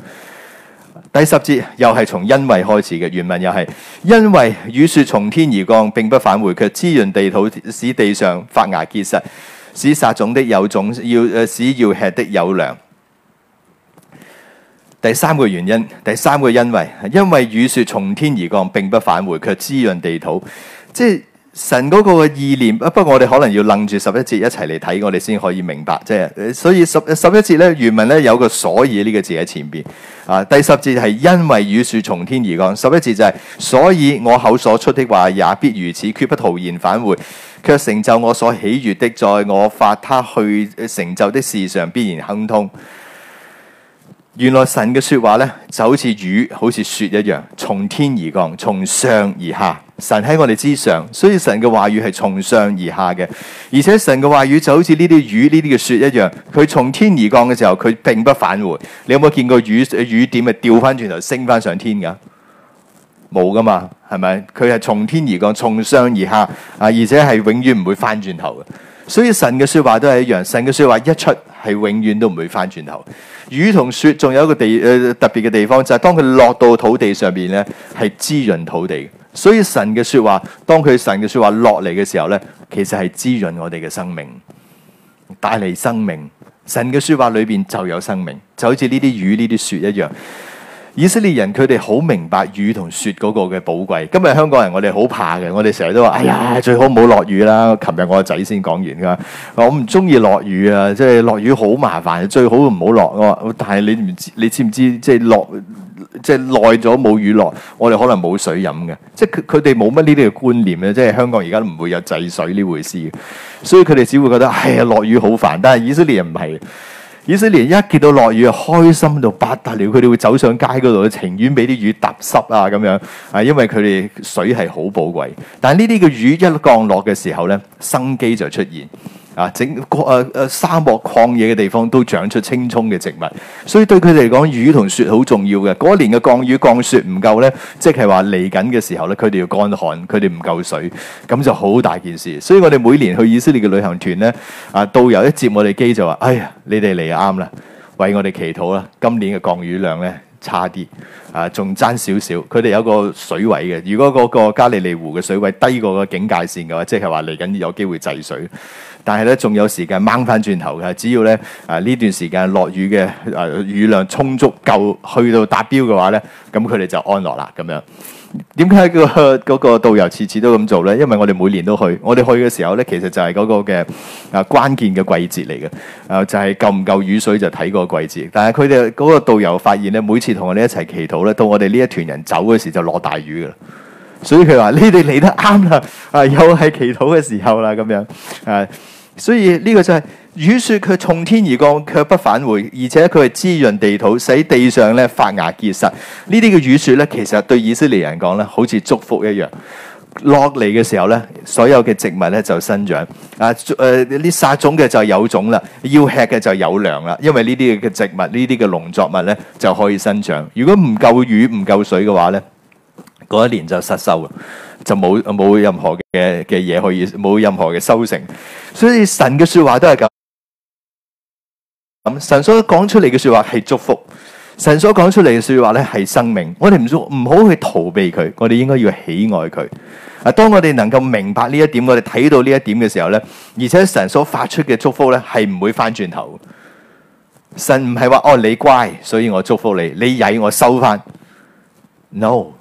第十節又係從因為開始嘅，原文又係因為雨雪從天而降，並不返回，卻滋潤地土，使地上發芽結實，使撒種的有種，要誒使要吃的有糧。第三個原因，第三個因為，因為雨雪從天而降，並不返回，卻滋潤地土，即神嗰個嘅意念，不過我哋可能要楞住十一節一齊嚟睇，我哋先可以明白即係、就是。所以十十一節呢，原文呢，有個所以呢個字喺前邊。啊，第十節係因為雨雪從天而降，十一節就係所以我口所出的話也必如此，絕不徒然返回，卻成就我所喜悅的，在我發他去成就的事上必然亨通。原來神嘅說話呢，就好似雨，好似雪一樣，從天而降，從上而下。神喺我哋之上，所以神嘅話語係從上而下嘅。而且神嘅話語就好似呢啲雨、呢啲嘅雪一樣，佢從天而降嘅時候，佢並不返回。你有冇見過雨雨點係掉翻轉頭升翻上天噶？冇噶嘛，係咪？佢係從天而降，從上而下啊！而且係永遠唔會翻轉頭嘅。所以神嘅說話都係一樣，神嘅說話一出，係永遠都唔會翻轉頭。雨同雪仲有一個地誒、呃、特別嘅地方，就係、是、當佢落到土地上邊呢，係滋潤土地。所以神嘅說話，當佢神嘅說話落嚟嘅時候呢，其實係滋潤我哋嘅生命，帶嚟生命。神嘅說話裏邊就有生命，就好似呢啲雨、呢啲雪一樣。以色列人佢哋好明白雨同雪嗰個嘅寶貴。今日香港人我哋好怕嘅，我哋成日都話：哎呀，最好唔好落雨啦！琴日我個仔先講完噶，我唔中意落雨啊，即係落雨好麻煩，最好唔好落。但係你唔知你知唔知，即係即係即係，即係落即係耐咗冇雨落，我哋可能冇水飲嘅。即係佢佢哋冇乜呢啲嘅觀念咧。即係香港而家都唔會有制水呢回事，所以佢哋只會覺得，哎呀，落雨好煩。但係以色列人唔係。以色列一見到落雨啊，開心到不得了，佢哋會走上街嗰度，情願俾啲雨揼濕啊咁樣，啊，因為佢哋水係好寶貴。但係呢啲嘅雨一降落嘅時候呢，生機就出現。啊！整個誒誒沙漠曠野嘅地方都長出青葱嘅植物，所以對佢哋嚟講，雨同雪好重要嘅。嗰年嘅降雨降雪唔夠呢，即係話嚟緊嘅時候呢，佢哋要乾旱，佢哋唔夠水，咁就好大件事。所以我哋每年去以色列嘅旅行團呢，啊導遊一接我哋機就話：「哎呀，你哋嚟啱啦，為我哋祈禱啦。今年嘅降雨量呢，差啲啊，仲爭少少。佢哋有個水位嘅，如果嗰個加利利湖嘅水位低過個警戒線嘅話，即係話嚟緊有機會滯水。但係咧，仲有時間掹翻轉頭嘅。只要咧啊呢段時間落雨嘅啊雨量充足夠去到達標嘅話咧，咁佢哋就安樂啦咁樣。點解個嗰個導遊次次都咁做咧？因為我哋每年都去，我哋去嘅時候咧，其實就係嗰個嘅啊關鍵嘅季節嚟嘅啊，就係夠唔夠雨水就睇個季節。但係佢哋嗰個導遊發現咧，每次同我哋一齊祈禱咧，到我哋呢一團人走嘅時就落大雨啦。所以佢話：你哋嚟得啱啦，啊又係祈禱嘅時候啦咁樣啊。所以呢、呢個就係、是、雨雪，佢從天而降，卻不返回，而且佢係滋潤地土，使地上咧發芽結實。呢啲嘅雨雪咧，其實對以色列人講咧，好似祝福一樣落嚟嘅時候咧，所有嘅植物咧就生長啊，誒啲撒種嘅就有種啦，要吃嘅就有糧啦，因為呢啲嘅植物呢啲嘅農作物咧就可以生長。如果唔夠雨唔夠水嘅話咧。嗰一年就失收，就冇冇任何嘅嘅嘢可以，冇任何嘅收成。所以神嘅說，說話都係咁。咁神所講出嚟嘅說話係祝福，神所講出嚟嘅說話咧係生命。我哋唔唔好去逃避佢，我哋應該要喜愛佢。啊，當我哋能夠明白呢一點，我哋睇到呢一點嘅時候咧，而且神所發出嘅祝福咧係唔會翻轉頭。神唔係話哦，你乖，所以我祝福你，你曳我收翻。No。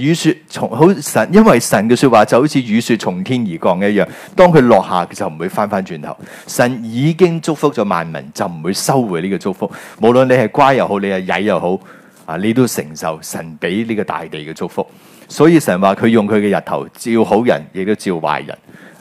雨雪從好神，因為神嘅説話就好似雨雪從天而降一樣。當佢落下，佢就唔會翻返轉頭。神已經祝福咗萬民，就唔會收回呢個祝福。無論你係乖又好，你係曳又好，啊，你都承受神俾呢個大地嘅祝福。所以神話佢用佢嘅日頭照好人，亦都照壞人。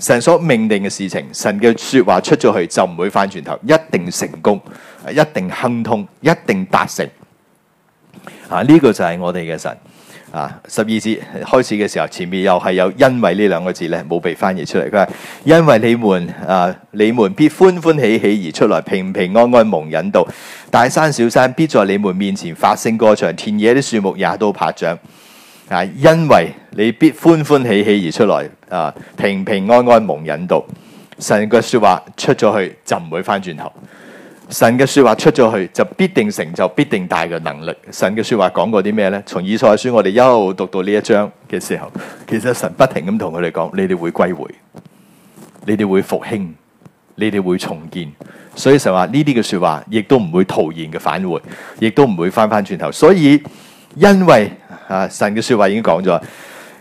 神所命定嘅事情，神嘅說話出咗去就唔會返轉頭，一定成功，一定亨通，一定達成。啊，呢個就係我哋嘅神。啊，十二節開始嘅時候，前面又係有因為呢兩個字呢冇被翻譯出嚟。佢話因為你們啊，你們必歡歡喜喜而出來，平平安安蒙引導。大山小山必在你們面前發聲過場，田野啲樹木也都拍掌。啊，因為你必歡歡喜喜而出來。啊！平平安安蒙引導，神嘅說話出咗去就唔會翻轉頭。神嘅說話出咗去就必定成就，必定大嘅能力。神嘅說話講過啲咩呢？從以賽書我哋一路讀到呢一章嘅時候，其實神不停咁同佢哋講：你哋會歸回，你哋會復興，你哋會重建。所以神話呢啲嘅說話，亦都唔會徒然嘅返回，亦都唔會翻翻轉頭。所以因為啊，神嘅說話已經講咗。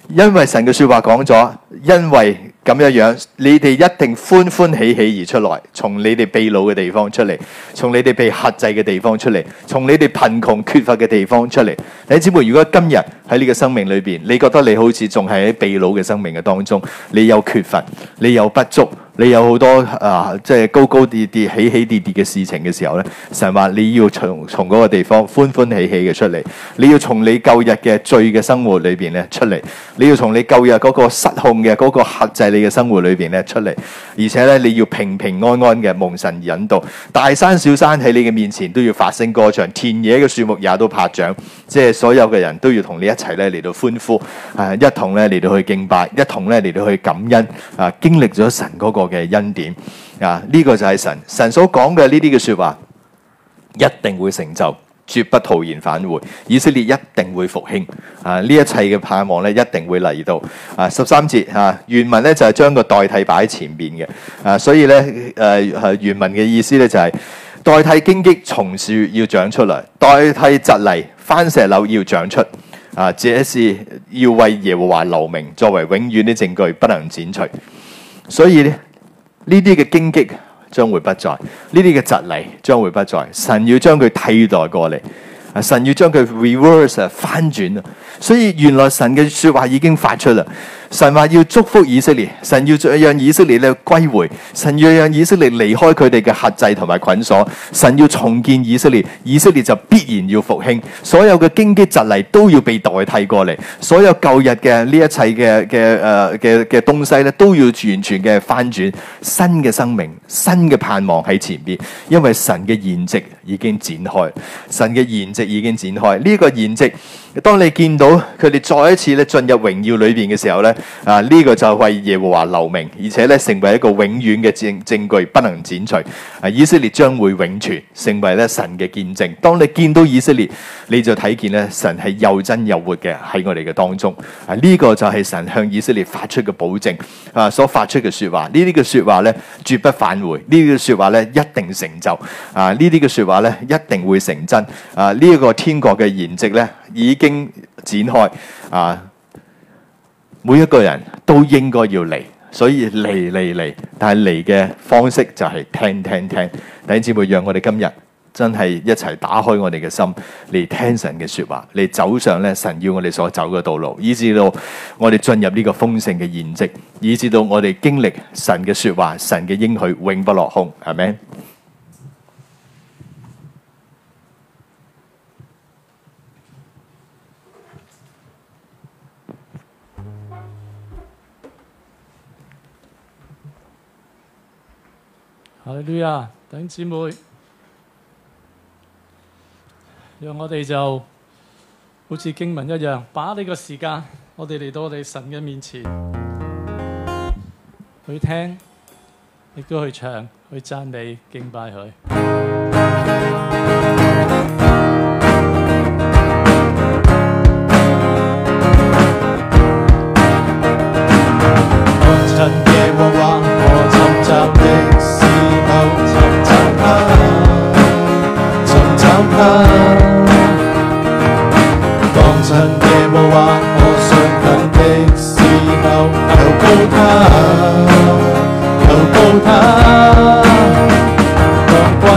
因為神嘅說話講咗，因為。咁嘅樣，你哋一定歡歡喜喜而出來，從你哋被擄嘅地方出嚟，從你哋被克制嘅地方出嚟，從你哋貧窮缺乏嘅地方出嚟。弟兄姊妹，如果今日喺呢個生命裏邊，你覺得你好似仲喺被擄嘅生命嘅當中，你有缺乏，你有不足，你有好多啊，即、就、係、是、高高跌跌、起起跌跌嘅事情嘅時候呢，成日話你要從、從嗰個地方歡歡喜喜嘅出嚟，你要從你舊日嘅罪嘅生活裏邊咧出嚟，你要從你舊日嗰個失控嘅嗰個限制。喺你嘅生活裏邊咧出嚟，而且咧你要平平安安嘅蒙神引導，大山小山喺你嘅面前都要發聲歌唱，田野嘅樹木也都拍掌，即係所有嘅人都要同你一齊咧嚟到歡呼，啊一同咧嚟到去敬拜，一同咧嚟到去感恩啊！經歷咗神嗰個嘅恩典啊，呢、這個就係神神所講嘅呢啲嘅說話，一定會成就。絕不徒然返回，以色列一定會復興啊！呢一切嘅盼望咧，一定會嚟到啊！十三節啊，原文咧就係、是、將個代替擺喺前面嘅啊，所以咧誒、呃啊，原文嘅意思咧就係、是、代替荊棘松樹要長出嚟，代替蒺藜番石榴要長出啊！這是要為耶和華留名，作為永遠啲證據，不能剪除。所以咧呢啲嘅荊棘。將會不在，呢啲嘅蒺藜將會不在，神要將佢替代過嚟。神要將佢 reverse 翻轉，啊，所以原來神嘅說話已經發出啦。神話要祝福以色列，神要讓以色列咧歸回，神要讓以色列離開佢哋嘅轄制同埋捆鎖，神要重建以色列，以色列就必然要復興。所有嘅荊棘蒺藜都要被代替過嚟，所有舊日嘅呢一切嘅嘅誒嘅嘅東西咧都要完全嘅翻轉，新嘅生命、新嘅盼望喺前邊，因為神嘅筵席已經展開，神嘅筵席。已經展開呢個現跡。當你見到佢哋再一次咧進入榮耀裏邊嘅時候咧，啊，呢個就係為耶和華留名，而且咧成為一個永遠嘅證證據，不能剪除。啊，以色列將會永存，成為咧神嘅見證。當你見到以色列，你就睇見咧神係又真又活嘅喺我哋嘅當中。啊，呢個就係神向以色列發出嘅保證啊，所發出嘅説話。這個、說話呢啲嘅説話咧，絕不返回。這個、說呢啲嘅説話咧，一定成就。啊，這個、說呢啲嘅説話咧，一定會成真。啊，呢個。呢一個天國嘅筵席呢，已經展開啊！每一個人都應該要嚟，所以嚟嚟嚟，但係嚟嘅方式就係聽聽聽。等兄姊妹，讓我哋今日真係一齊打開我哋嘅心嚟聽神嘅説話，嚟走上咧神要我哋所走嘅道路，以至到我哋進入呢個豐盛嘅筵席，以至到我哋經歷神嘅説話、神嘅應許，永不落空。阿咪？阿女啊，等姊妹，讓我哋就好似經文一樣，把呢個時間，我哋嚟到我哋神嘅面前，去聽，亦都去唱，去讚美、敬拜佢。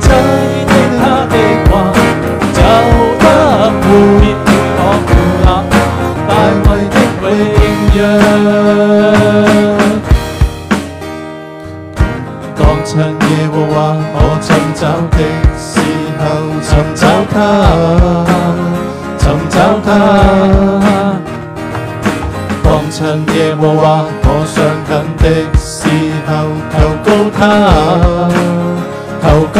猜的他的話，就不會落後啦。大愛的偉業，當趁耶和華可尋找的時候，尋找他，尋找他。當趁耶和華可相近的時候，求告他。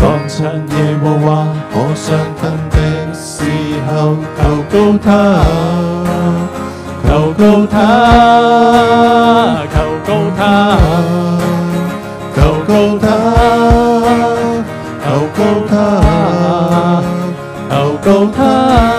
當深夜無話可相談的時候，求告他，求告他，求告他，求告他，求告他。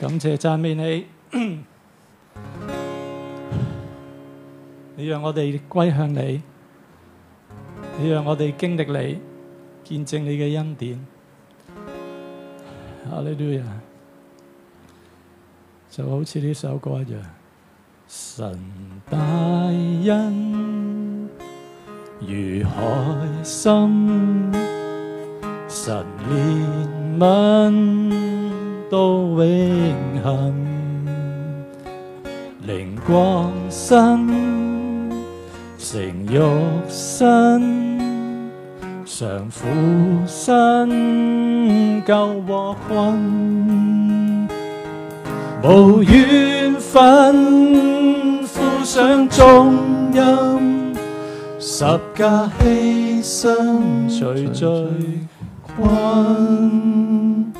感謝讚美你， 你讓我哋歸向你，你讓我哋經歷你，見證你嘅恩典。 哈利路亞，就好似呢首歌一樣，神大恩如海深，神憐憫。都永恒，靈光身成肉身，常苦身救禍困，無怨憤，負上眾音，十架犧牲除罪困。追追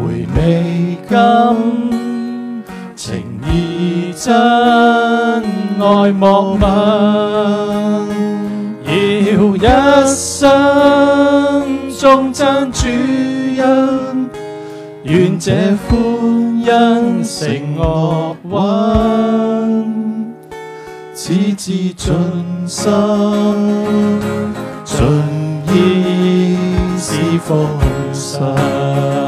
回味今情意真，愛莫問。要一生忠貞主恩，願這歡欣成樂韻，此致盡心，盡意是奉神。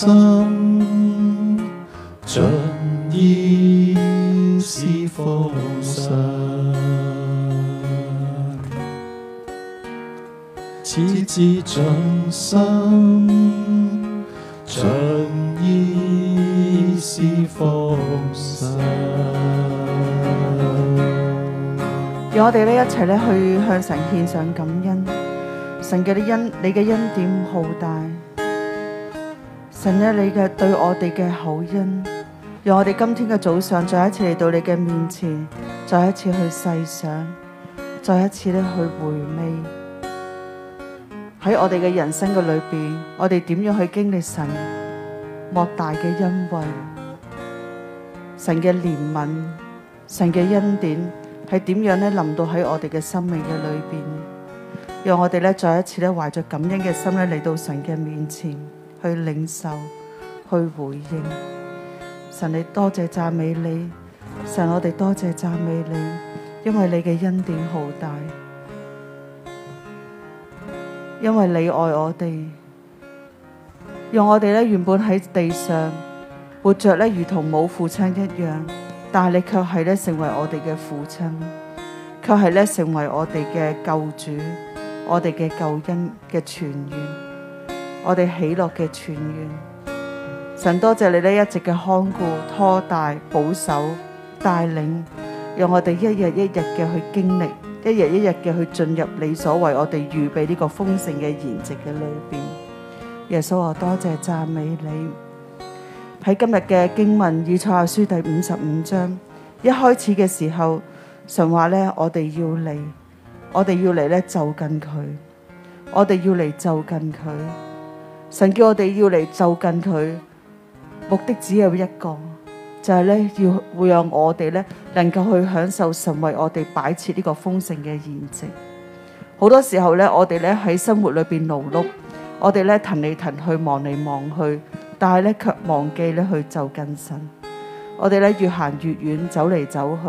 心盡意施，奉上此志盡心，盡意施奉上。讓我哋呢一齊去向神獻上感恩，神嘅恩，你嘅恩典浩大。神呢，你嘅對我哋嘅厚恩，讓我哋今天嘅早上再一次嚟到你嘅面前，再一次去細想，再一次呢去回味，喺我哋嘅人生嘅裏面，我哋點樣去經歷神莫大嘅恩惠，神嘅憐憫，神嘅恩典係點樣呢臨到喺我哋嘅生命嘅裏邊，讓我哋呢再一次呢懷着感恩嘅心呢嚟到神嘅面前。去領受，去回應神。你多謝讚美你，神，我哋多謝讚美你，因為你嘅恩典好大，因為你愛我哋，讓我哋咧原本喺地上活着咧如同冇父親一樣，但係你卻係咧成為我哋嘅父親，卻係咧成為我哋嘅救主，我哋嘅救恩嘅泉源。我哋喜樂嘅泉源，神多謝你咧，一直嘅看顧、拖帶、保守、帶領，讓我哋一日一日嘅去經歷，一日一日嘅去進入你所為我哋預備呢個豐盛嘅筵席嘅裏邊。耶穌話：多謝讚美你。喺今日嘅經文，以賽亞書第五十五章一開始嘅時候，神話咧：我哋要嚟，我哋要嚟咧，就近佢，我哋要嚟就近佢。神叫我哋要嚟就近佢，目的只有一個，就係咧要會讓我哋咧能夠去享受神為我哋擺設呢個豐盛嘅宴席。好多時候咧，我哋咧喺生活裏邊勞碌，我哋咧騰嚟騰去，望嚟望去，但係咧卻忘記咧去就近神。我哋咧越行越遠，走嚟走去，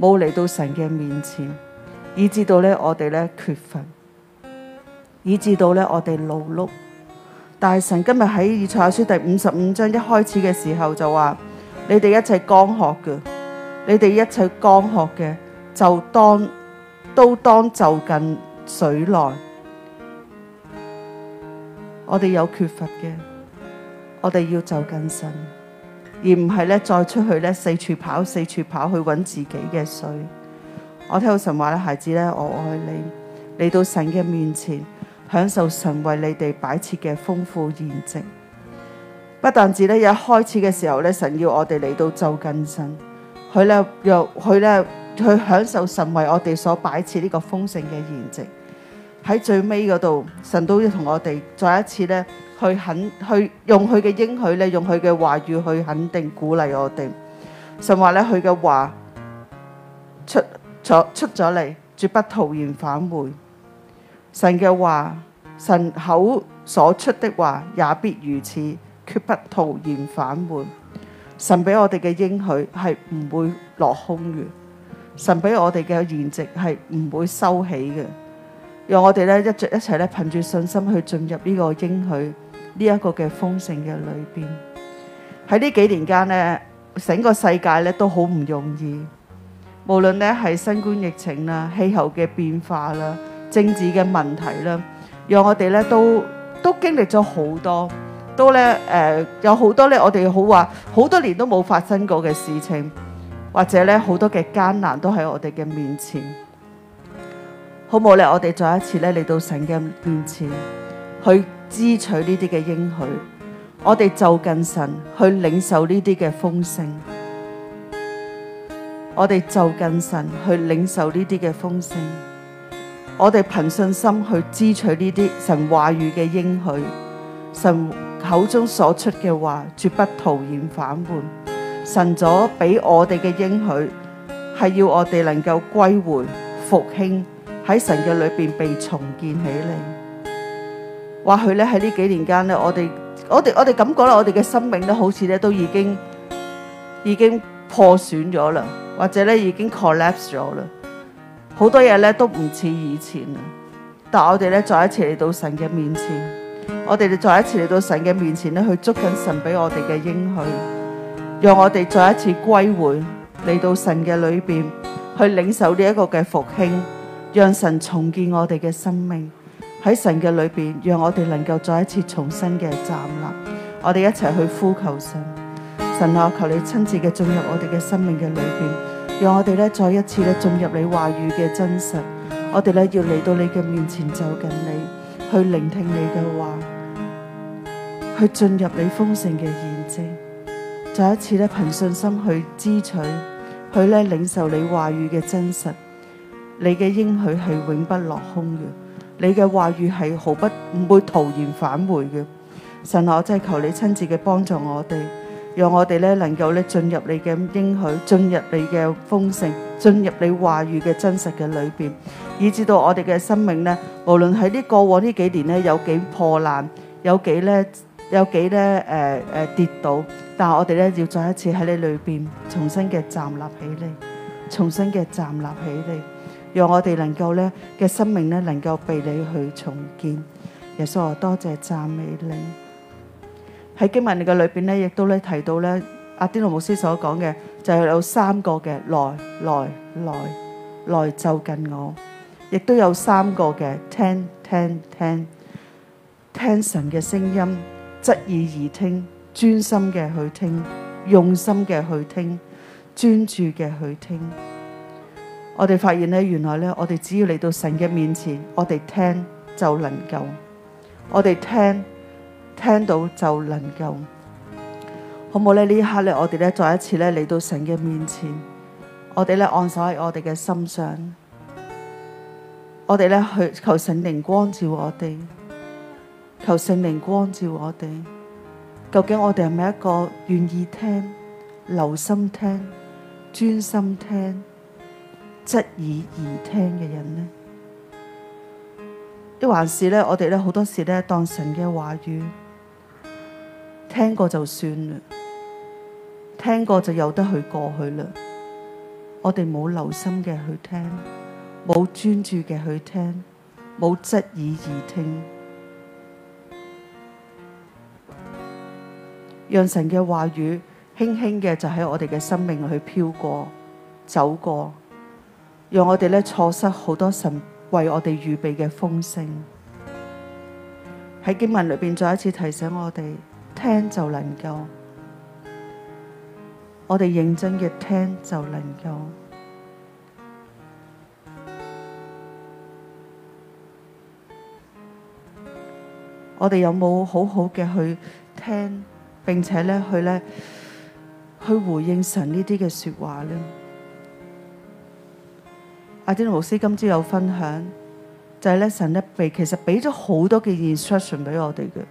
冇嚟到神嘅面前，以至到咧我哋咧缺乏，以至到咧我哋勞碌。大神今日喺以賽亞書第五十五章一開始嘅時候就話：你哋一切乾渴嘅，你哋一切乾渴嘅，就當都當就近水來。我哋有缺乏嘅，我哋要就近神，而唔係咧再出去咧四處跑四處跑去揾自己嘅水。我聽到神話咧，孩子咧，我愛你，嚟到神嘅面前。享受神為你哋擺設嘅豐富筵席。不但止咧，一開始嘅時候咧，神要我哋嚟到就近身，佢咧又佢咧去享受神為我哋所擺設呢個豐盛嘅筵席。喺最尾嗰度，神都要同我哋再一次咧去肯去用佢嘅應許咧，用佢嘅話語去肯定鼓勵我哋。神呢話咧，佢嘅話出咗出咗嚟，絕不徒然返回。神嘅話，神口所出的話也必如此，決不徒然反叛。神俾我哋嘅應許係唔會落空嘅，神俾我哋嘅筵席係唔會收起嘅。讓我哋咧一直一齊咧憑住信心去進入呢個應許呢一個、這個嘅豐盛嘅裏邊。喺呢幾年間咧，整個世界咧都好唔容易，無論咧係新冠疫情啦、氣候嘅變化啦。政治嘅問題啦，讓我哋咧都都經歷咗好多，都咧誒、呃、有好多咧，我哋好話好多年都冇發生過嘅事情，或者咧好多嘅艱難都喺我哋嘅面前。好唔好咧？我哋再一次咧嚟到神嘅面前，去支取呢啲嘅應許。我哋就近神去領受呢啲嘅風聲。我哋就近神去領受呢啲嘅風聲。我哋憑信心去支取呢啲神話語嘅應許，神口中所出嘅話絕不徒然反叛。神所俾我哋嘅應許係要我哋能夠歸回復興，喺神嘅裏面被重建起嚟。或許咧喺呢在這幾年間咧，我哋我哋感覺咧，我哋嘅生命都好似都已經已經破損咗啦，或者已經 collapse 咗啦。好多嘢咧都唔似以前，但我哋咧再一次嚟到神嘅面前，我哋再一次嚟到神嘅面前咧，去捉緊神俾我哋嘅應許，讓我哋再一次歸回嚟到神嘅裏邊，去領受呢一個嘅復興，讓神重建我哋嘅生命喺神嘅裏邊，讓我哋能夠再一次重新嘅站立，我哋一齊去呼求神，神啊，我求你親自嘅進入我哋嘅生命嘅裏邊。讓我哋再一次咧進入你話語嘅真實，我哋要嚟到你嘅面前就近你，去聆聽你嘅話，去進入你豐盛嘅見證，再一次咧憑信心去支取，去咧領受你話語嘅真實，你嘅應許係永不落空嘅，你嘅話語係毫不，不會徒然返回嘅。神啊，我只求你親自嘅幫助我哋。讓我哋咧能夠咧進入你嘅應許，進入你嘅豐盛，進入你話語嘅真實嘅裏邊，以至到我哋嘅生命咧，無論喺呢過往呢幾年咧有幾破爛，有幾咧有幾咧誒誒跌倒，但係我哋咧要再一次喺你裏邊重新嘅站立起嚟，重新嘅站立起嚟，讓我哋能夠咧嘅生命咧能夠被你去重建。耶穌，多謝讚美你。喺經文嘅裏邊咧，亦都咧提到咧阿啲路牧師所講嘅，就係、是、有三個嘅來來來來就近我，亦都有三個嘅聽聽聽聽，聽神嘅聲音，側耳而，而聽，專心嘅去聽，用心嘅去聽，專注嘅去聽。我哋發現咧，原來咧，我哋只要嚟到神嘅面前，我哋聽就能夠，我哋聽。聽到就能夠好唔好咧？呢一刻咧，我哋咧再一次咧嚟到神嘅面前，我哋咧按手喺我哋嘅心上，我哋咧去求神靈光照我哋，求神靈光照我哋。究竟我哋係咪一個願意聽、留心聽、專心聽、質疑而聽嘅人呢？一還是咧，我哋咧好多時咧當神嘅話語。聽過就算啦，聽過就有得去過去啦。我哋冇留心嘅去聽，冇專注嘅去聽，冇側耳而聽，讓神嘅話語輕輕嘅就喺我哋嘅生命裏去飄過、走過，讓我哋咧錯失好多神為我哋預備嘅風聲。喺經文裏面再一次提醒我哋。聽就能夠，我哋認真嘅聽就能夠。我哋有冇好好嘅去聽，並且咧去咧去回應神呢啲嘅說話咧？阿天老師今朝有分享，就係、是、咧神一俾，其實俾咗好多嘅 instruction 俾我哋嘅。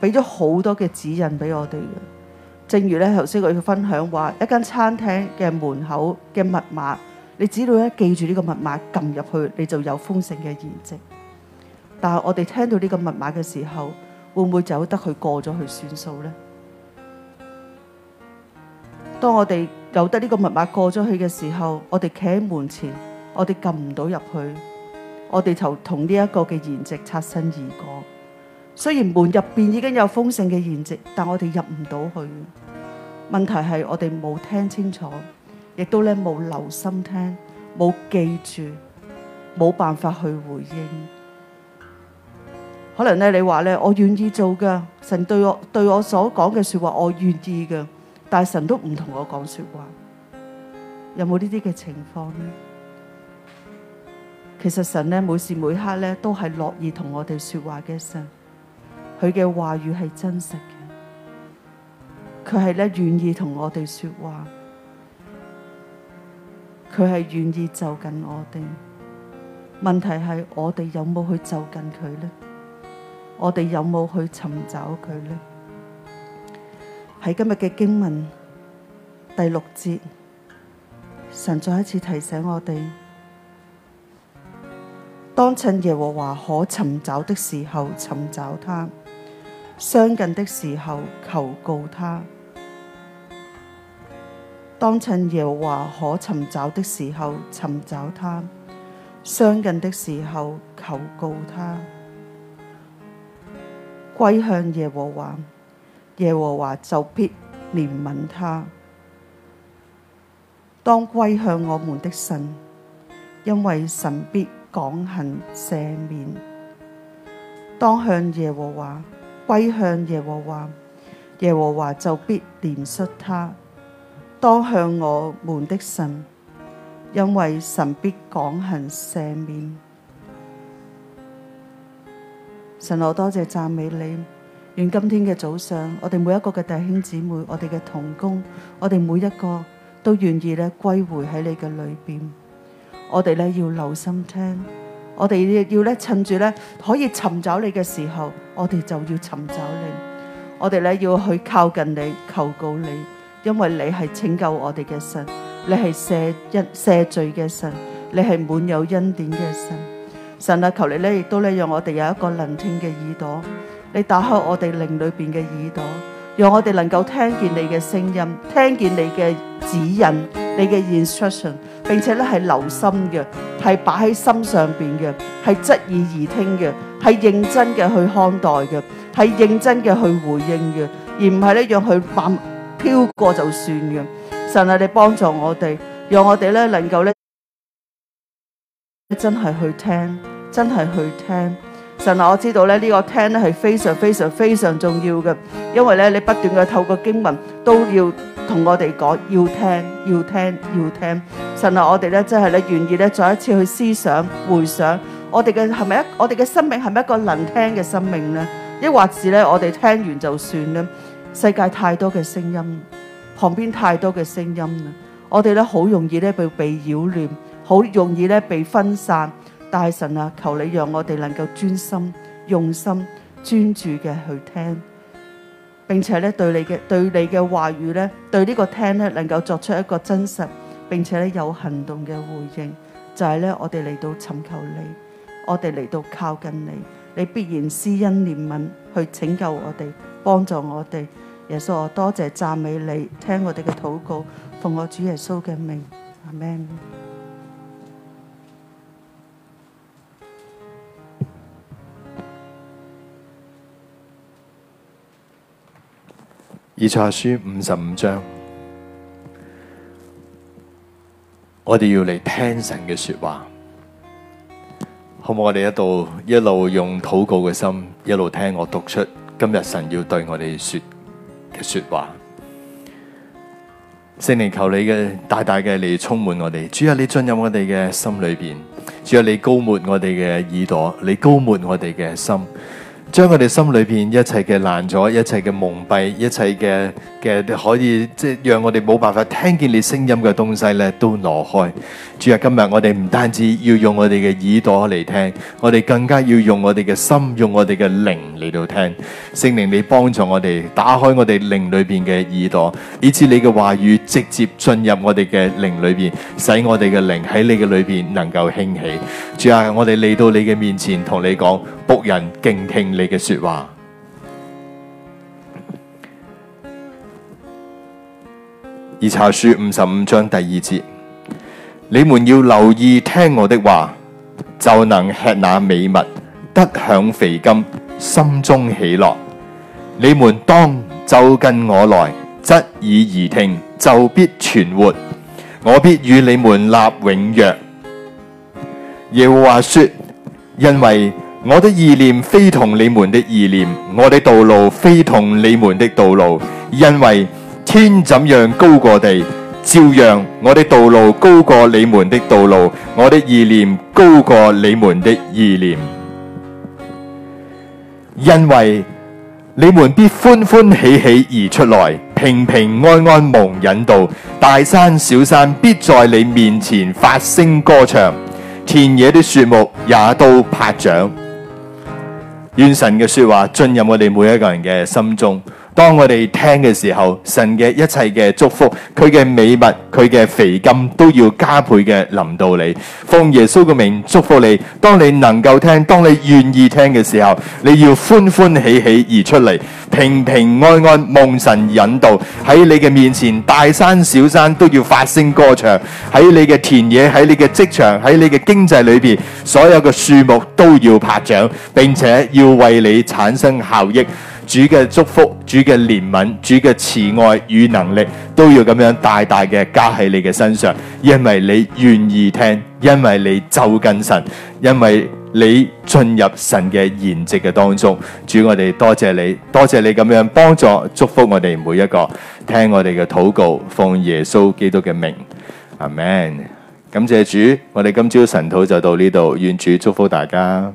俾咗好多嘅指引俾我哋嘅，正如咧頭先我要分享話，一間餐廳嘅門口嘅密碼，你只要一記住呢個密碼，撳入去你就有豐盛嘅筵席。但係我哋聽到呢個密碼嘅時候，會唔會走得去過咗去算數呢？當我哋有得呢個密碼過咗去嘅時候，我哋企喺門前，我哋撳唔到入去，我哋就同呢一個嘅筵席擦身而過。雖然門入邊已經有豐盛嘅筵席，但我哋入唔到去了。問題係我哋冇聽清楚，亦都咧冇留心聽，冇記住，冇辦法去回應。可能咧你話咧，我願意做噶，神對我對我所講嘅說話，我願意噶，但係神都唔同我講說話。有冇呢啲嘅情況咧？其實神咧每時每刻咧都係樂意同我哋說話嘅神。佢嘅話語係真實嘅，佢係咧願意同我哋說話，佢係願意就近我哋。問題係我哋有冇去就近佢咧？我哋有冇去尋找佢咧？喺今日嘅經文第六節，神再一次提醒我哋：當趁耶和華可尋找的時候尋找他。相近的時候求告他，當趁耶和華可尋找的時候尋找他；相近的時候求告他，歸向耶和華，耶和華就必憐憫他。當歸向我們的神，因為神必廣行赦免。當向耶和華。歸向耶和華，耶和華就必憐恤他；當向我們的神，因為神必廣行赦免。神，我多謝讚美你，願今天嘅早上，我哋每一個嘅弟兄姊妹，我哋嘅同工，我哋每一個都願意咧歸回喺你嘅裏邊。我哋咧要留心聽。我哋要趁住可以尋找你嘅時候，我哋就要尋找你。我哋要去靠近你、求告你，因為你係拯救我哋嘅神，你係赦恩赦罪嘅神，你係滿有恩典嘅神。神啊，求你咧，亦都咧，讓我哋有一個能聽嘅耳朵，你打開我哋靈裏面嘅耳朵，讓我哋能夠聽見你嘅聲音，聽見你嘅指引，你嘅 instruction。並且咧係留心嘅，係擺喺心上邊嘅，係側耳而聽嘅，係認真嘅去看待嘅，係認真嘅去回應嘅，而唔係咧讓佢漫飄過就算嘅。神啊，你幫助我哋，讓我哋咧能夠咧真係去聽，真係去聽。神啊，我知道咧，呢個聽咧係非常非常非常重要嘅，因為咧你不斷嘅透過經文都要同我哋講，要聽，要聽，要聽。神啊，我哋咧真係咧願意咧再一次去思想、回想，我哋嘅係咪一，我哋嘅生命係咪一個能聽嘅生命咧？抑或是咧，我哋聽完就算啦。世界太多嘅聲音，旁邊太多嘅聲音啦，我哋咧好容易咧被被擾亂，好容易咧被分散。大神啊，求你讓我哋能夠專心、用心、專注嘅去聽，並且咧對你嘅對你嘅話語咧，對呢個聽咧，能夠作出一個真實並且咧有行動嘅回應。就係咧，我哋嚟到尋求你，我哋嚟到靠近你，你必然施恩憐憫，去拯救我哋，幫助我哋。耶穌，我多謝讚美你，聽我哋嘅禱告，奉我主耶穌嘅名。阿門。以賽亞書五十五章，我哋要嚟聽神嘅說話，好唔好？我哋喺度一路用禱告嘅心，一路聽我讀出今日神要對我哋說嘅說話。聖靈，求你嘅大大嘅你充滿我哋。主啊，你進入我哋嘅心裏面，主啊，你高滿我哋嘅耳朵，你高滿我哋嘅心。將我哋心裏邊一切嘅攔阻、一切嘅蒙蔽、一切嘅嘅可以即係讓我哋冇辦法聽見你聲音嘅東西咧，都挪開。主啊，今日我哋唔單止要用我哋嘅耳朵嚟聽，我哋更加要用我哋嘅心、用我哋嘅靈嚟到聽。聖靈，你幫助我哋打開我哋靈裏邊嘅耳朵，以至你嘅話語直接進入我哋嘅靈裏邊，使我哋嘅靈喺你嘅裏邊能夠興起。主啊，我哋嚟到你嘅面前，同你講，僕人敬聽。你嘅說話，以賽亞書五十五章第二節，你們要留意聽我的話，就能吃那美物，得享肥甘，心中喜樂。你們當就近我來，側耳而聽，就必存活。我必與你們立永約。耶和華說，因為。我的意念非同你們的意念，我的道路非同你們的道路，因為天怎樣高過地，照樣我的道路高過你們的道路，我的意念高過你們的意念。因為你們必歡歡喜喜而出來，平平安安蒙引導，大山小山必在你面前發聲歌唱，田野的樹木也都拍掌。願神嘅說話進入我哋每一個人嘅心中。當我哋聽嘅時候，神嘅一切嘅祝福，佢嘅美物，佢嘅肥甘，都要加倍嘅臨到你。奉耶穌嘅名祝福你。當你能夠聽，當你願意聽嘅時候，你要歡歡喜喜而出嚟，平平安安蒙神引導。喺你嘅面前，大山小山都要發聲歌唱。喺你嘅田野，喺你嘅職場，喺你嘅經濟裏邊，所有嘅樹木都要拍掌，並且要為你產生效益。主嘅祝福、主嘅憐憫、主嘅慈愛與能力，都要咁樣大大嘅加喺你嘅身上，因為你願意聽，因為你就近神，因為你進入神嘅筵席嘅當中。主，我哋多謝你，多謝你咁樣幫助、祝福我哋每一個聽我哋嘅禱告，奉耶穌基督嘅名，阿門。感謝主，我哋今朝神討就到呢度，願主祝福大家。